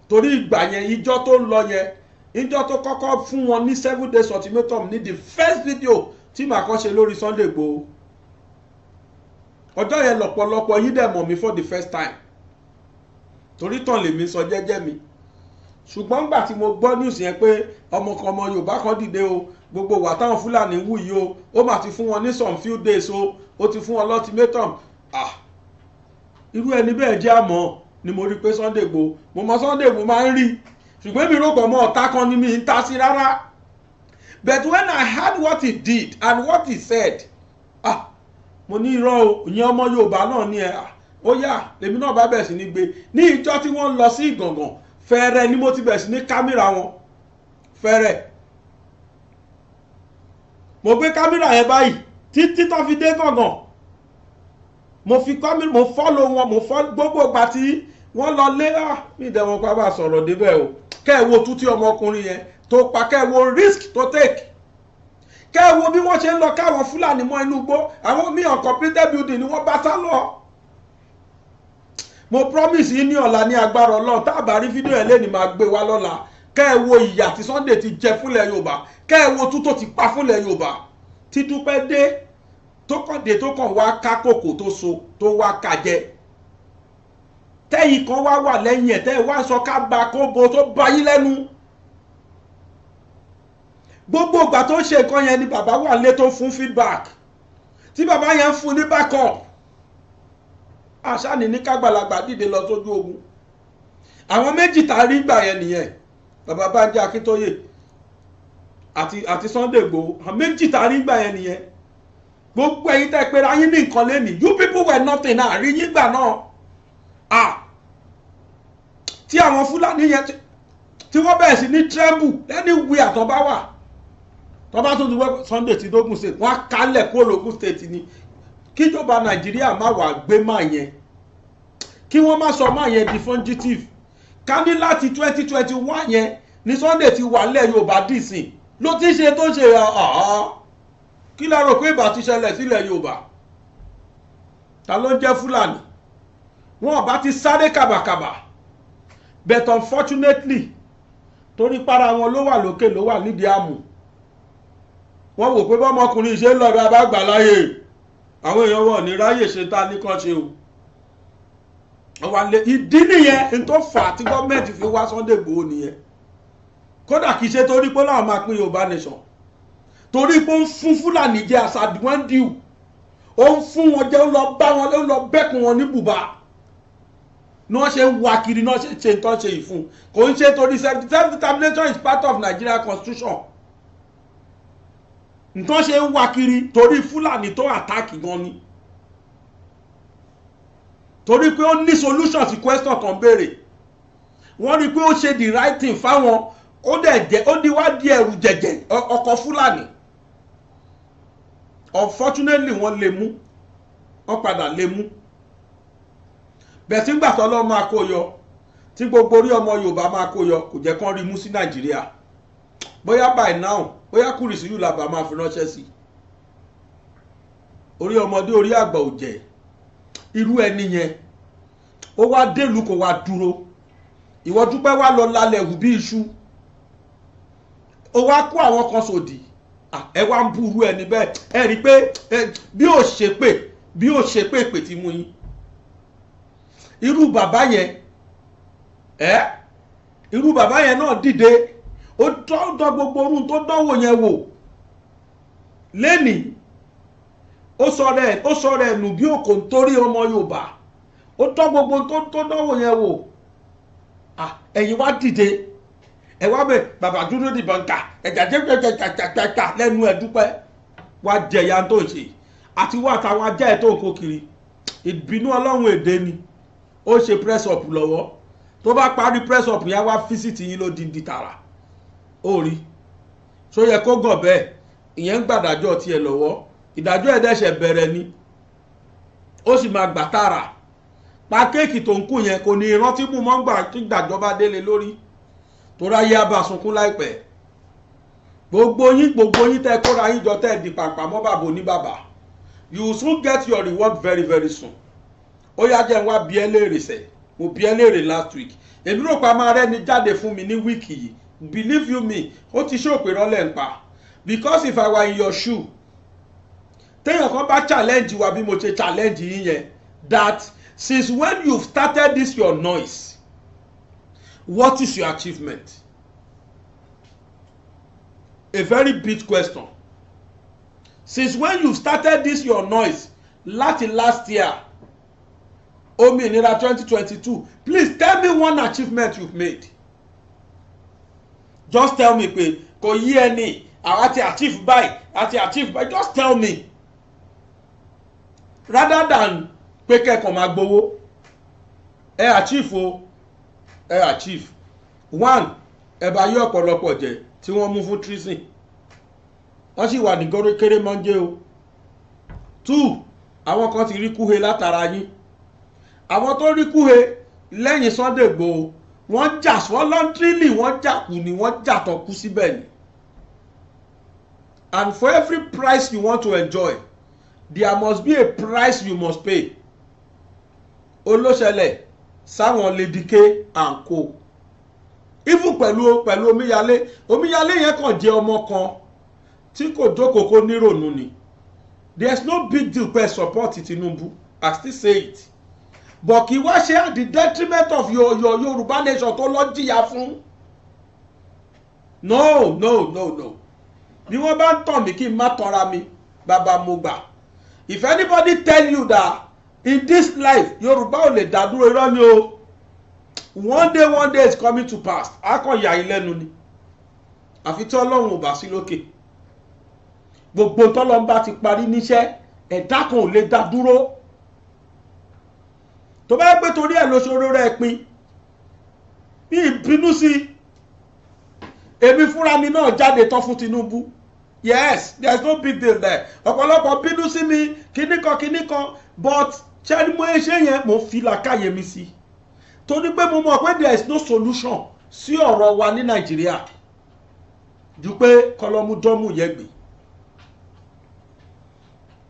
torí ìgbà yẹn ìjọ tó ń lọ yẹn ìjọ tó kọ́kọ́ fún wọn ní seven days ultimatum ní the first video tí màá kọ́ ṣe lórí Sunday Igboho ọjọ́ yẹn lọ́pọ̀lọpọ̀ yín dẹ̀ mọ̀ mí for the first time torí tàn lèmi sọ jẹ́jẹ́ mi ṣùgbọ́n nígbà tí mo gbọ́ news yẹn pé ọmọ kan ọmọ Yorùbá kan dìde o gbogbo wà táwọn Fúlàní wù yìí o ó mà ti fún wọn ní some few days o ó ti fún wọn lọ́tìmẹ́tọ̀m ah irú ẹni bẹ́ẹ̀ jẹ́ àmọ́ ni mo rí pé Sunday Igboho mo mọ Sunday Igboho máa ń rí ṣùgbọ́n èmi rò pọ̀ mọ́ ọ̀tá kan ni mi ń ta sí rárá but when I heard what he did and what he said ah mo ní irọ́ o ìyẹn ọmọ Yorùbá náà ní ẹ ah, ó yá lèmi náà bá bẹ̀rẹ̀ sí ní gbé ní ìjọ tí wọ́n lọ sí Ìgàngàn fẹ́rẹ́ ni mo ti bẹ̀rẹ̀ sí ní kámẹ́rà wọn fẹ́rẹ́ mo gbé kámẹ́rà yẹn báyìí títí tó fi dé Ìgàngàn mo fi kámẹ́rà mo fọ́lọ̀ wọn mo fọ́ gbogbo ìgbà tí wọ́n lọ lé ah mi ìdẹ̀wọ̀n pa bá sọ̀rọ̀ débẹ̀ o kẹ́ ẹ̀ wo tútí ọmọkùnrin yẹn tó pa kẹ́ẹ̀wò risk tó take kẹ́ẹ̀wò bí wọ́n ṣe ń lọ káwọn fúlàní mọ́ inú igbó àwọn míì computer building ni wọ́n bá sá lọ mo promise yín ní ọ̀la ní agbára ọlọ́run tá a bá rí fídíò ẹ̀ lẹ́ni máa gbé wá lọ́la kẹ́ẹ̀wò ìyà tí Sunday ti jẹ fúnlẹ̀ Yorùbá kẹ́ẹ̀wò tútó ti pa fúnlẹ̀ Yorùbá tí Dúpẹ́ dé tó kàn dé tó kàn wá ká kòkò tó so tó wá ká jẹ tẹ́yìn kan wá wà lẹ́yìn ẹ̀ tẹ́ ẹ wá sọ ká ba kó bo tó bayí lẹ́nu gbogbo ìgbà tó ń ṣe nǹkan yẹn ni bàbá wà lé tó fún feedback tí bàbá yẹn ń fún ní backup àṣàní ní kágbàlagbà dìde lọ sójú ogun àwọn méjì tá a rí gbà yẹn nìyẹn bàbá Bánjí Akíntóyè àti àti Sunday Igboho àwọn méjì tá a rí gbà yẹn nìyẹn gbogbo ẹ̀yin tẹ́ pé ayé ní nǹkan lé ní you people were nothing náà rí yín gbà náà à tí àwọn Fúlàní yẹn tí wọ́n bẹ̀rẹ̀ sí ní tremble anywhere tó bá wà tó bá tún ti wẹ́ Sunday ti dógùn state wọ́n á kálẹ̀ kúrò lógùn state ni kíjọba nàìjíríà má wàá gbé má yẹn kí wọ́n má sọ má yẹn di fungitive ká ní láti twenty twenty one yẹn ni Sunday ti wà lẹ̀ yorùbá dìsìn ló ti ṣe tó ṣe ọ̀ọ́ kí la rò pé ìbá ti ṣẹlẹ̀ sílẹ̀ yorùbá ta ló ń jẹ́ fúlàní wọn ò bá ti sáré kàbàkàbà but unfortunately torí para wọn ló wà lókè ló wà nídìí àmù wọ́n wò pé bọ́mọkùnrin ṣe ń lọ bí a bá gbà láyè àwọn èèyàn wọ̀ ní ráyè ṣe ta ní kan ṣe o ìdí nìyẹn n tó fà á tí gọ́ọ̀mẹ̀ntì fi wá Sunday Igboho nìyẹn kódà kì í ṣe torí pé láwọn máa pín Yorùbá nation torí pé ó ń fún Fúlàní jẹ àṣàdìwọ́ndìw ó ń fún wọn jẹ ó lọ bá wọn ó lọ bẹ́kùn wọn ní bùbá ní wọ́n ṣe ń wá kiri ní wọ́n ṣe ń ṣe ìtọ́ṣe ìfún kò ń ṣe torí self determination is part of Nigeria constitution nǹkan ṣe ń wá kiri torí fúlàní tó àtáàkì gan ni torí pé ó ní solution sí question kan béèrè wọ́n rí i pé ó ṣe the right thing fáwọn ó dẹ̀ jẹ́ ó di wá di ẹ̀rù jẹ̀jẹ̀ ọkọ̀ fúlàní unfortunately wọ́n lè mú wọ́n padà lè mú bẹ̀sí ń gbà tó lọ́ máa kó yọ tí gbogbo orí ọmọ Yorùbá máa kó yọ kò jẹ́ kán rí mú sí Nàìjíríà bóyá by now bóyá kùrìsì yìí làbà máa fi ránṣẹ́ sí orí ọmọdé orí àgbà ò jẹ́ irú ẹni yẹn ó wá délùú kó wá dúró ìwọ dúpẹ́ wá lọ lálẹ́ ẹ̀hù bí iṣu ó wá kó àwọn kan sòdì ẹ wá ń burú ẹni bẹ́ẹ̀ ẹ rí i pé bí ó ṣe pè bí ó ṣe pè pè tí mú yín irú bàbá yẹn ẹ irú bàbá yẹn náà dìde ó dọ́ gbogbo orun tó dánwò yẹn wò lẹ́nìí ó sọ rẹ̀ ó sọ rẹ̀ nù bí òkò nítorí ọmọ Yorùbá ó dọ́ gbogbo tó tó dánwò yẹn wò ẹ̀yin wá dìde ẹ wá bẹ bàbá dúró di bọ̀ǹkà ẹ̀jàjẹ́jẹ́jẹ́jẹ́jẹ́jẹ́ lẹ́nu ẹ̀ dúpẹ́ wá jẹ̀yà tó ṣe àti wá àtàwọn ajá ẹ̀ tó ń kó kiri ìbínú ọlọ́run èdè ni ó ṣe press up lọ́wọ́ tó bá parí press up yẹn wá fíṣítì yín ló di di tààrà ó rí ṣó yẹ kó gàn bẹ́ẹ̀ ìyẹn ń gbàdájọ́ tiẹ̀ lọ́wọ́ ìdájọ́ ẹ̀ dẹ́sẹ̀ bẹ̀rẹ̀ ni ó sì máa gbà tààrà pa kéèkì tó ń kù yẹn kò ní ìrántí mú mọ́ ń gbà tí gbàjọba délé lórí tó ráyé abàsunkún láìpẹ́ gbogbo yín gbogbo yín tẹ́ kóra yín jọ tẹ́ di pàpà mọ́ bàbá ní bàbá you soon get your reward very very soon ó yá jẹ́ n wá bi ẹ́ léèrè sẹ̀ mo bi ẹ́ léèrè last week èmi rò pa máa rẹ́ni jáde fún mi ní wíìkì yìí believe you me ó ti ṣòpè rọ́lẹ̀ ń pa because if I were in your shoe téèyàn kan bá challenge wa bí mo ṣe challenge yín yẹn that since when you started this your noise what is your achievement a very big question since when you started this your noise láti last year òmìnira 2022 please tell me one achievement you've made just tell me pé kò yí ẹni àwa ti achieve by àti achieve by? just tell me rather than pé kẹ́kọ̀ọ́ máa gbowó ẹ achieve o ẹ achieve one ẹ bá yí ọ̀pọ̀lọpọ̀ jẹ tí wọ́n mú fún treason wọ́n sì wà ní kéré mọ́ńjẹ́ o two àwọn kan ti rí kúhe látara yín àwọn tó rí kúhe lẹ́yìn Sunday Igboho wọ́n jà sọ́lọ́ntìrìlì wọ́n jà kù ni wọ́n jà tó kú síbẹ̀ ni and for every price you want to enjoy there must be a price you must pay olóṣẹlẹ̀ sáwọn lady k and co even pẹ̀lú pẹ̀lú omíyalé omíyalé yẹn kàn jẹ́ ọmọ kan tí kò jókòó kó nírònú ni there is no big deal pé support Tinubu I still say it but kì í wá ṣe at the detriment of your your Yorùbá nation tó lọ jìyà fún no no no no bí wọ́n bá ń tàn mí kí n má tanra mi bàbá mo gbà if anybody tell you that in this life Yorùbá ò lè dádúró irọ́ ni o one day one day is coming to pass á kàn yà yín lẹ́nu ni àfi tí Ọlọ́run ò bá sí lókè gbogbo tọ́lọ́mbà ti parí níṣẹ́ ẹ̀dá kan ò lè dádúró tó bá pé torí ẹ̀ ló ṣòro rẹ̀ pin bí ìbínú sí èmi fúnra mi náà jáde tán fún Tinubu yes there is no big deal there ọ̀pọ̀lọpọ̀ bínú sí mi kíníkan kíníkan but ṣẹ́ni mo ṣe yẹn mo fi làkàyè mi sí torí pé mo mọ̀ pé there is no solution sí ọ̀rọ̀ wa ní Nàìjíríà ju pé kọlọmúdọ́mù yẹn gbé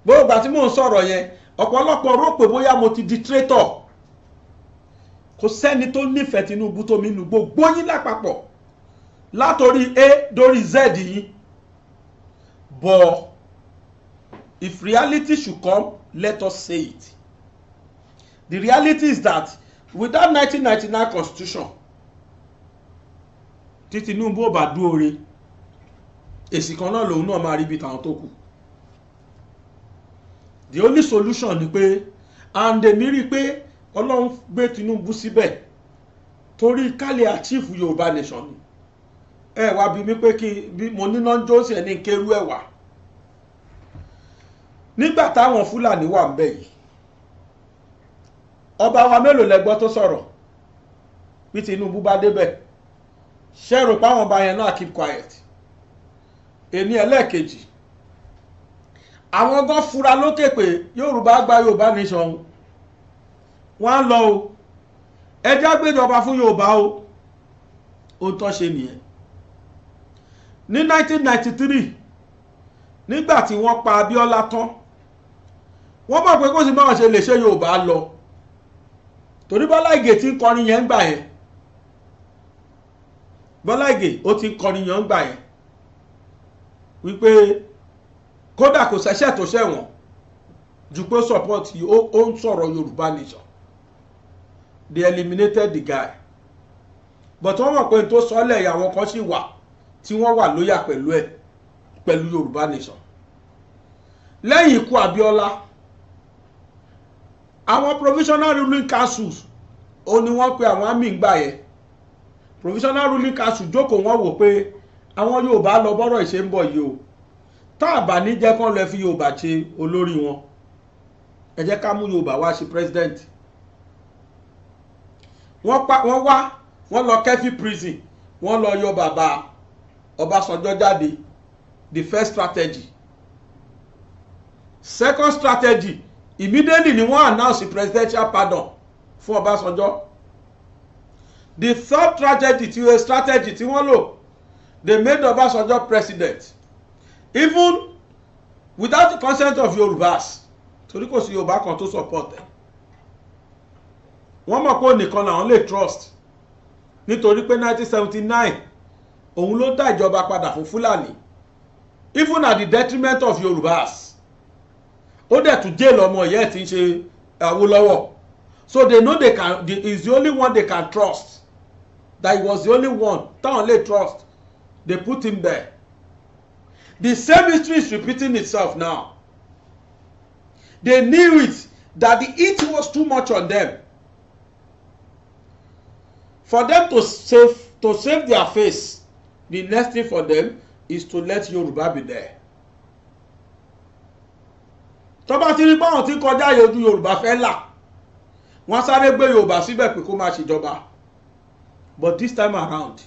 gbogbo àti mò ń sọ̀rọ̀ yẹn ọ̀pọ̀lọpọ̀ rò pé bóyá mo ti di traitor kò sẹ́ni tó nífẹ̀ẹ́ Tinubu tó mi nù gbogbo yín lápapọ̀ látòrí a dórí z yín but if reality should come let us say it the reality is that with that 1999 constitution tí Tinubu ò bá dúró re èsì kan náà lòun náà máa rí ibi tàwọn tó kù the only solution ni pé and èmi rí i pé ọlọ́run gbé Tinubu síbẹ̀ torí kálẹ̀ àchífù Yorùbá nation ni ẹ wá bí mi pé kí mo níná jọ́sì ẹni kérú ẹ̀ wá nígbà táwọn Fúlàní wà ń bẹ̀ yìí ọba wa mélòó lẹ́gbọ́ tó sọ̀rọ̀ bí Tinubu bá débẹ̀ ṣẹ́rò páwọn ọba yẹn náà keep quiet èmi ẹlẹ́ẹ̀kejì àwọn gan fura lókè pé Yorùbá gba Yorùbá nation wọ́n á lọ o ẹjá gbéjọba fún Yorùbá o ó tọ́ ṣe nìyẹn ní 1993 nígbà tí wọ́n pa Abíọ́lá tán wọ́n mọ̀ pé kó sì máa ṣe lè ṣe Yorùbá lọ torí Bọ́lá Ìgè tí ń kọrin yẹn ń gbà yẹn Bọ́lá Ìgè ó ti ń kọrin yẹn ń gbà yẹn wípé kódà kò ṣẹ̀ṣẹ̀ tó ṣẹ̀wọ̀n ju pé support ó ń sọ̀rọ̀ Yorùbá nation they eliminated the guy but wọ́n mọ̀ pé tó sọ́lẹ̀ ìyàwó kan sì wà tí wọ́n wà lóyà pẹ̀lú ẹ̀ pẹ̀lú Yorùbá nation lẹ́yìn ikú Abiola àwọn provisional ruling councils ó ní wọ́n pe àwọn àmì ìgbà yẹn provisional ruling council jókòó wọ́n wò pé àwọn Yorùbá lọ bọ́rọ̀ ìṣe ń bọ̀ yìí o tá a bá ní jẹ́ kán lọ fi Yorùbá ṣe olórí wọn ẹ jẹ́ ká mú Yorùbá wá sí president wọ́n wá wọ́n lọ kẹ́fí prison wọ́n lọ yọ bàbá Ọbásanjọ́ jáde the first strategy second strategy immediately ni wọ́n announce presidential pardon fún Ọbásanjọ́ the third strategy ti wọ́n strategy ti wọ́n lò they made Ọbásanjọ́ president even without the consent of Yorùbás torí kò sí Yorùbá kan tó support them wọ́n mọ̀ pé nìkan làwọn lè trust nítorí pé 1979 òun ló dá ìjọba padà fún Fúlàní even at the detriment of Yorùbás ó dẹ̀ tún jail ọmọ ìyá ẹ̀ tí ń ṣe Awólọ́wọ̀ so they know they can they, is the only one they can trust that he was the only one táwọn lè trust they put him there the same history is repeating itself now they knew it that the heat was too much on them for them to save to save their face the next thing for them is to let Yoruba be there tó bá ti rí pé àwọn tí kọjá yòójú Yorùbá fẹ́ là wọ́n sáré gbé Yorùbá síbẹ̀ pé kó má ṣèjọba but this time around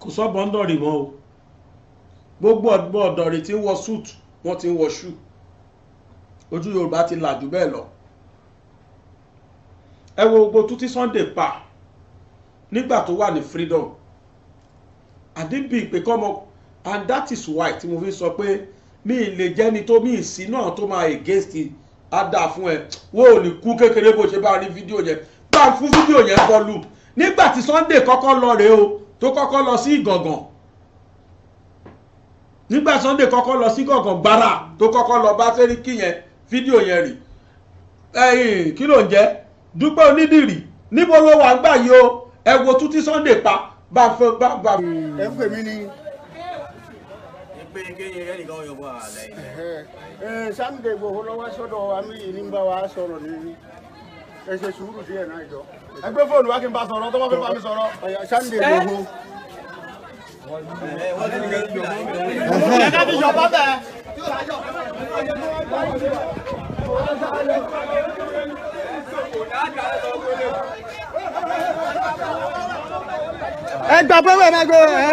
kò sọ́bọ̀ ń dọ̀rì mọ́ o gbogbo ọ̀dọ̀rì tí wọ suit wọ́n ti ń wọ shoe ojú Yorùbá ti là jù bẹ́ẹ̀ lọ ẹ wo gbogbo tún tí Sunday pa nígbà tó wà ní freedom àdébì ìpèkọ́mọ and that is why tí mo fi sọ pé mi lè jẹ́ni tó mi sí náà tó máa against á dáa fún ẹ wo ò ní kú kékeré bó ṣe bá rí fídíò yẹn bá ń fún fídíò yẹn bọ́ lù nígbà tí Sunday kọ́kọ́ lọ rèé o tó kọ́kọ́ lọ sí ìgàngàn nígbà Sunday kọ́kọ́ lọ sí gàngàn gbàrà tó kọ́kọ́ lọ bá sẹ́ríkì yẹn fídíò yẹn rì kí ló ń jẹ́ dúpẹ́ onídìrí níbo ló wà gbà yìí o ẹ wo tún tí Sunday pa bá fẹ bá bá. ẹ ń pè mí ni. Sunday Igboho lọ́wọ́ sọ́dọ̀ àmì yìí ní bá wa sọ̀rọ̀ nínú ẹ ṣe sùúrù díẹ̀ náà jọ. ẹ gbé fóònù wá kí n bá sọ̀rọ̀ tó bá fẹ́ bá mi sọ̀rọ̀. Sunday Igboho ẹ̀ka ti yọ̀bọ̀ bẹ́ẹ̀ ẹ gba pẹ́pẹ́ máa gbé ẹ̀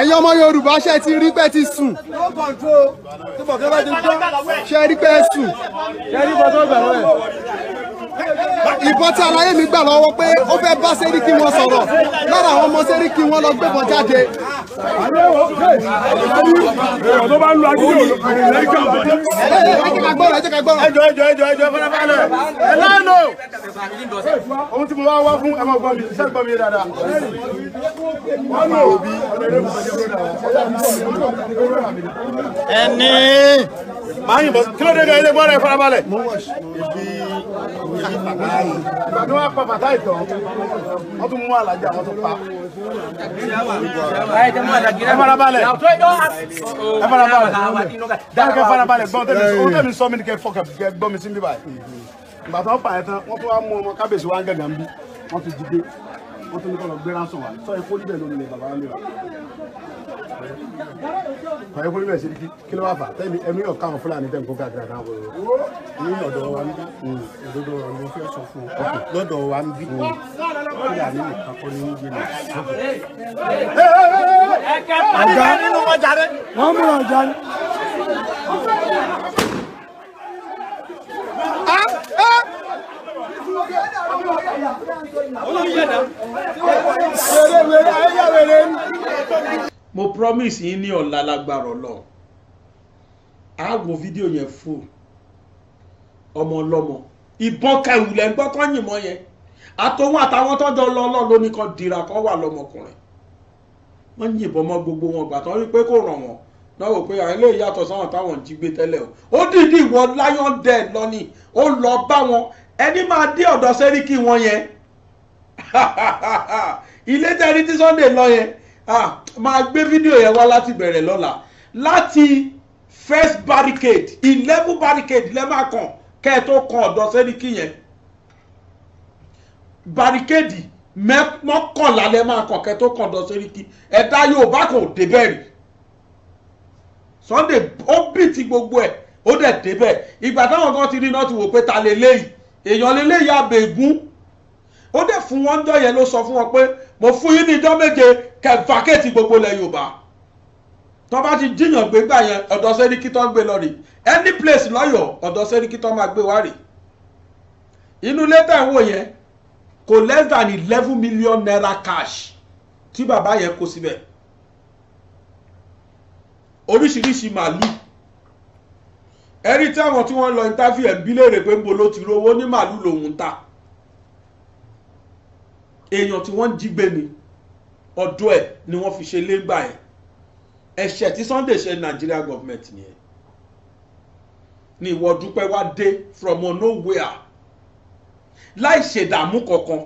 ẹ̀yin ọmọ Yorùbá ṣe ti rí pé ti sùn ṣe rí pé sùn ṣe rí pé tó ìbọn tí aláyé mi gbà lọ́wọ́ pé ó fẹ́ bá sẹ́ríkì wọn sọ̀rọ̀ lára àwọn ọmọ sẹ́ríkì wọn lọ gbébọn jáde. ọ̀dọ́ bá ń lo agídí òòlù lẹ́yìn kan bọ̀. ẹ jẹ́ ká gbọ́rọ̀ ẹ jẹ́ ká gbọ́rọ̀. ẹjọ ẹjọ ẹjọ ẹjọ fẹ́rẹ́ fẹ́rẹ́ ẹ lánà. ohun tí mo wá wá fún ẹ máa gbọ́ mi iṣẹ́ gbọ́ mi dáadáa. wọ́n ní òbí ẹni máa yìnbọn kí ló dé gan ilé gbọ́dọ̀ ìfarabalẹ̀. ibi ìgbà tí wọ́n pa bàtà ìtọ̀ wọ́n tún mú àlàjà wọ́n tún pa. ẹ farabalẹ̀ ẹ farabalẹ̀ dákẹ́ farabalẹ̀ gbọ́n tẹ̀mí ohun tẹ̀mí sọ mí ni kẹ́ fọkàn kẹ́ gbọ́ mi sí bíbá yìí. ìgbà tí wọ́n pa ẹ̀ tán wọ́n tún wá mú ọmọ kábíyèsí wa ń gàgà ń bí wọ́n ti dìde wọ́n tún ní kọ́ lọ gbéra sùn wá sọ ikú níbẹ̀ lónìí bàbá mi rà kọ̀yẹ́ kó níbẹ̀ ṣe kí ló wá fà tẹ́mi ẹnu yóò káwọn fúlàní tẹ̀ ń kó káàkiri àtàwọn ọ̀rọ̀ ní ọ̀dọ̀ wa ń bí òdodo ọ̀rọ̀ ló fẹ́ sọ fún ọ lọ́dọ̀ wa ń bí fúlàní nìkan kọ́ ní ní jìnnà. ẹ̀kẹ́ wọ́n mú ọjà ni. olórí yẹn náà mo promise yín ní ọ̀la lágbára ọlọ a wo fídíò yẹn fún ọmọ ọlọ́mọ ìbọn kẹwùlẹ̀ ń gbọ́ kọ́ yìnbọn yẹn àtòun àtàwọn tọ́jọ́ lọ́lọ́ ló ní kan dira kan wà lọ́mọkùnrin wọ́n yìnbọn mọ́ gbogbo wọn gbà tán rí pé kò ràn wọ́n náà wò pé àìlè yàtọ̀ sáwọn táwọn jí gbé tẹ́lẹ̀ o ó dìdí ìwọ lion dead lọ́ni ó lọ bá wọn ẹni máa dé ọ̀dọ̀ sẹ́ríkì wọn yẹn [LAUGHS] ilé tẹ́rí tí Sunday lọ yẹn máa gbé fídíò yẹn wá láti bẹ̀rẹ̀ lọ́la láti first barricade eleven barricade lẹ́ẹ̀ma kan kẹ́ ẹ tó kan ọ̀dọ̀ sẹ́ríkì yẹn barricade mọ́kànlá lẹ́ẹ̀ma kan kẹ́ ẹ tó kan ọ̀dọ̀ sẹ́ríkì ẹ̀dá Yorùbá kan ò débẹ̀ rí Sunday ó bìtì gbogbo ẹ̀ ó dẹ̀ débẹ̀ ìgbà táwọn kan ti rí náà ti wò pé ta lè léyìí èèyàn lè léyìí àbẹ̀gún ó dẹ̀ fún wọn jọ yẹn ló sọ fún wọn pé mo fún yín ní ijọ́ méje kẹfàkẹ́tì gbogbo ilẹ̀ yorùbá tó bá ti jiyàn gbé gbà yẹn ọ̀dọ̀ sẹ́ríkì tó ń gbé lọ rè any place lọ́yọ̀ọ́ ọ̀dọ̀ sẹ́ríkì tó máa gbé wá rè inú lẹ́tà ìwò yẹn kò less than eleven million naira cash tí bàbá yẹn kó síbẹ̀ oríṣiríṣi màálù ẹ̀rí tí àwọn tí wọ́n lọ interview ẹ̀ ń bí léèrè pé ń bo ló ti rówó ní màálù lòun ń ta èèyàn tí wọ́n ń jí gbé ni ọdún ẹ̀ ni wọ́n fi ṣe lẹ́gbà yẹn ẹ̀ṣẹ̀ tí Sunday ṣe Nigeria government nìyẹn ni ìwọ dúpẹ́ wá dé from nowhere láì ṣèdààmú kankan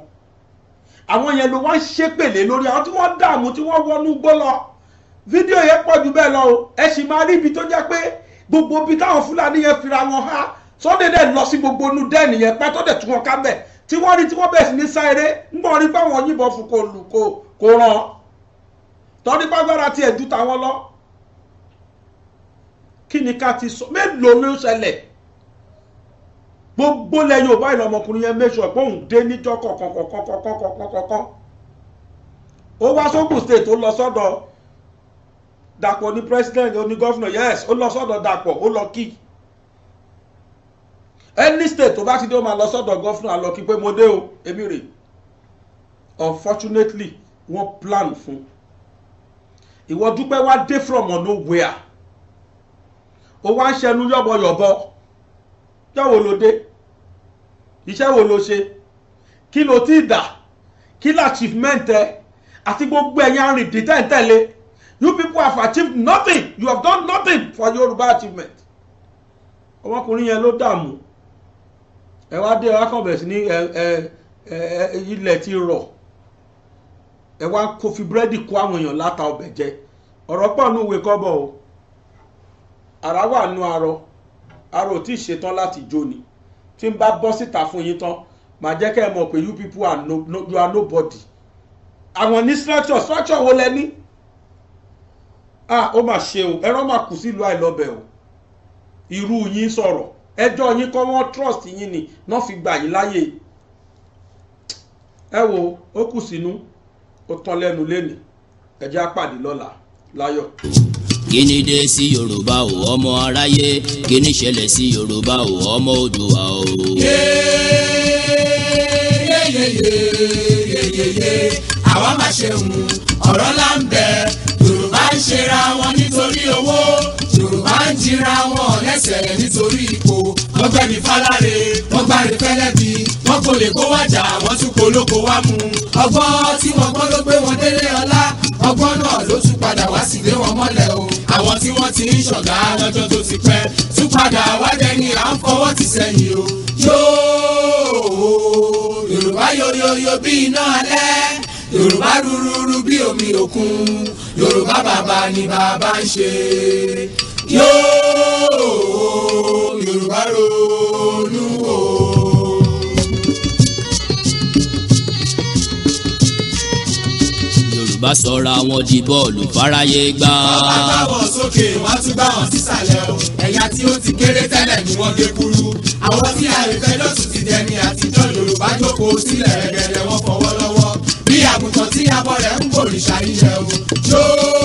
àwọn yẹn ló wá ń ṣépèlé lórí àwọn tí wọ́n dààmú tí wọ́n wọnú gbó lọ fídíò yẹn pọ̀ jù bẹ́ẹ̀ lọ o ẹ sì máa rí ibi tó jẹ́ pé gbogbo ibi táwọn fúlàní yẹn fira wọn há Sunday dẹ̀ lọ sí gbogbo inú dẹ́ẹ̀nì yẹn pẹ́ tó dẹ̀ tún wọn ká bẹ̀ tí wọ́n rí tí wọ́n bẹ̀ sí ní sáré ń bọ̀ rí báwọn yìnbọn fún kò lù kò kò ràn torí pàgbára tiẹ̀ ju tàwọn lọ kí ni ká ti sọ mélòó ló ṣẹlẹ̀ gbogbo lẹ Yorùbá ìlú ọmọkùnrin yẹn make sure pé òun dé níjọ́ kọ̀kọ̀kọ̀kọ̀kọ̀kọ̀kọ̀ ó wá sókùn state ó lọ sọ́dọ̀ Dàpọ̀ ní president ó ní gọ́fìnà yes ó lọ sọ́dọ̀ Dàpọ̀ ó lọ kí any state tó bá ti dé ó máa lọ sọ́dọ̀ gọ́fìnà lọ kí pé mo dé o èmi unfortunately wọ́n plan fún ìwọ dúpẹ́ wá dé from nowhere ó wá ń ṣẹnu yọ̀bọ̀yọ̀bọ̀ iṣẹ́ wo ló dé iṣẹ́ wo ló ṣe kí ló ti dà kí ló achievement ẹ àti gbogbo ẹ̀yin arìndí tẹ̀ǹtẹ̀lé you people have achieved nothing you have done nothing for Yorùbá achievement ọmọkùnrin yẹn ló dààmú ẹ wá dé ẹ wá kàn bẹ̀rẹ̀ sí ní ilẹ̀ ti rọ̀ ẹ wá kó fi búrẹ́dì kó àwọn èèyàn láta ọbẹ̀ jẹ ọ̀rọ̀ pọ̀ ní òwe kọ́bọ̀ o ara wà nú arọ arọ ò tí ì ṣetán láti jó ni tí n bá bọ́ síta fún yín tán màá jẹ́ kẹ́ ẹ mọ̀ pé you people are no, no, you àwọn ní structure structure wo lẹ ní ah ó mà ṣe o ẹ̀rọ mà kù sílùú àìlọ́bẹ̀ o irú yín sọ̀rọ̀ ẹjọ́ yín kọ́ wọ́n trust yín ni náà fi gbà yín láyè ẹ wo ó kù sínú. Si ó tán lẹ́nu lẹ́nu ẹ jẹ́ lọ́la láyọ̀ kíni dé sí yorùbá o ọmọ aráyé kíni ṣẹlẹ̀ sí yorùbá o ọmọ oòdùà o. yeyeyeyeyeye àwa máa ṣe hùn ọ̀rọ̀ là ń bẹ yorùbá ń ṣera wọn nítorí owó yorùbá ń jira wọn lẹ́sẹ̀ nítorí ipò wọ́n gbẹ̀mí fáláre wọ́n gbàre pẹ́lẹ́bí wọ́n kò lè kó wájà wọ́n tún polóko wá mú ọgbọ́n tí wọ́n gbọ́n ló gbé wọn délé ọlá ọgbọ́n náà ló tún padà wá sílé wọn mọ́lẹ̀ o àwọn tí wọ́n ti ń ṣọ̀gá lọ́jọ́ tó ti pẹ́ tún padà wá dẹni à ń fọwọ́ ti sẹ́yìn o yóò yorùbá yoyoyo bí iná alẹ́ yorùbá rúrúrú bí omi òkun yorùbá bàbá ni bàbá ń ṣe yóò Yorùbá ronú o. Yorùbá sọra wọn di bọ́ọ̀lù fáráyé gbá. bàbá táwọn sókè wọn tún bá wọn sísàlẹ̀ o ẹ̀yà tí ó ti kéré tẹ́lẹ̀ ni wọ́n gé kúrú àwọn tí àìfẹ́ lọ́sùn ti dẹni àtijọ́ Yorùbá jókòó sílẹ̀ ẹ̀gẹ̀dẹ̀ wọn fọwọ́ lọ́wọ́ bí àgùntàn tí abọ́ rẹ̀ ń bòrìṣà yíyẹ o.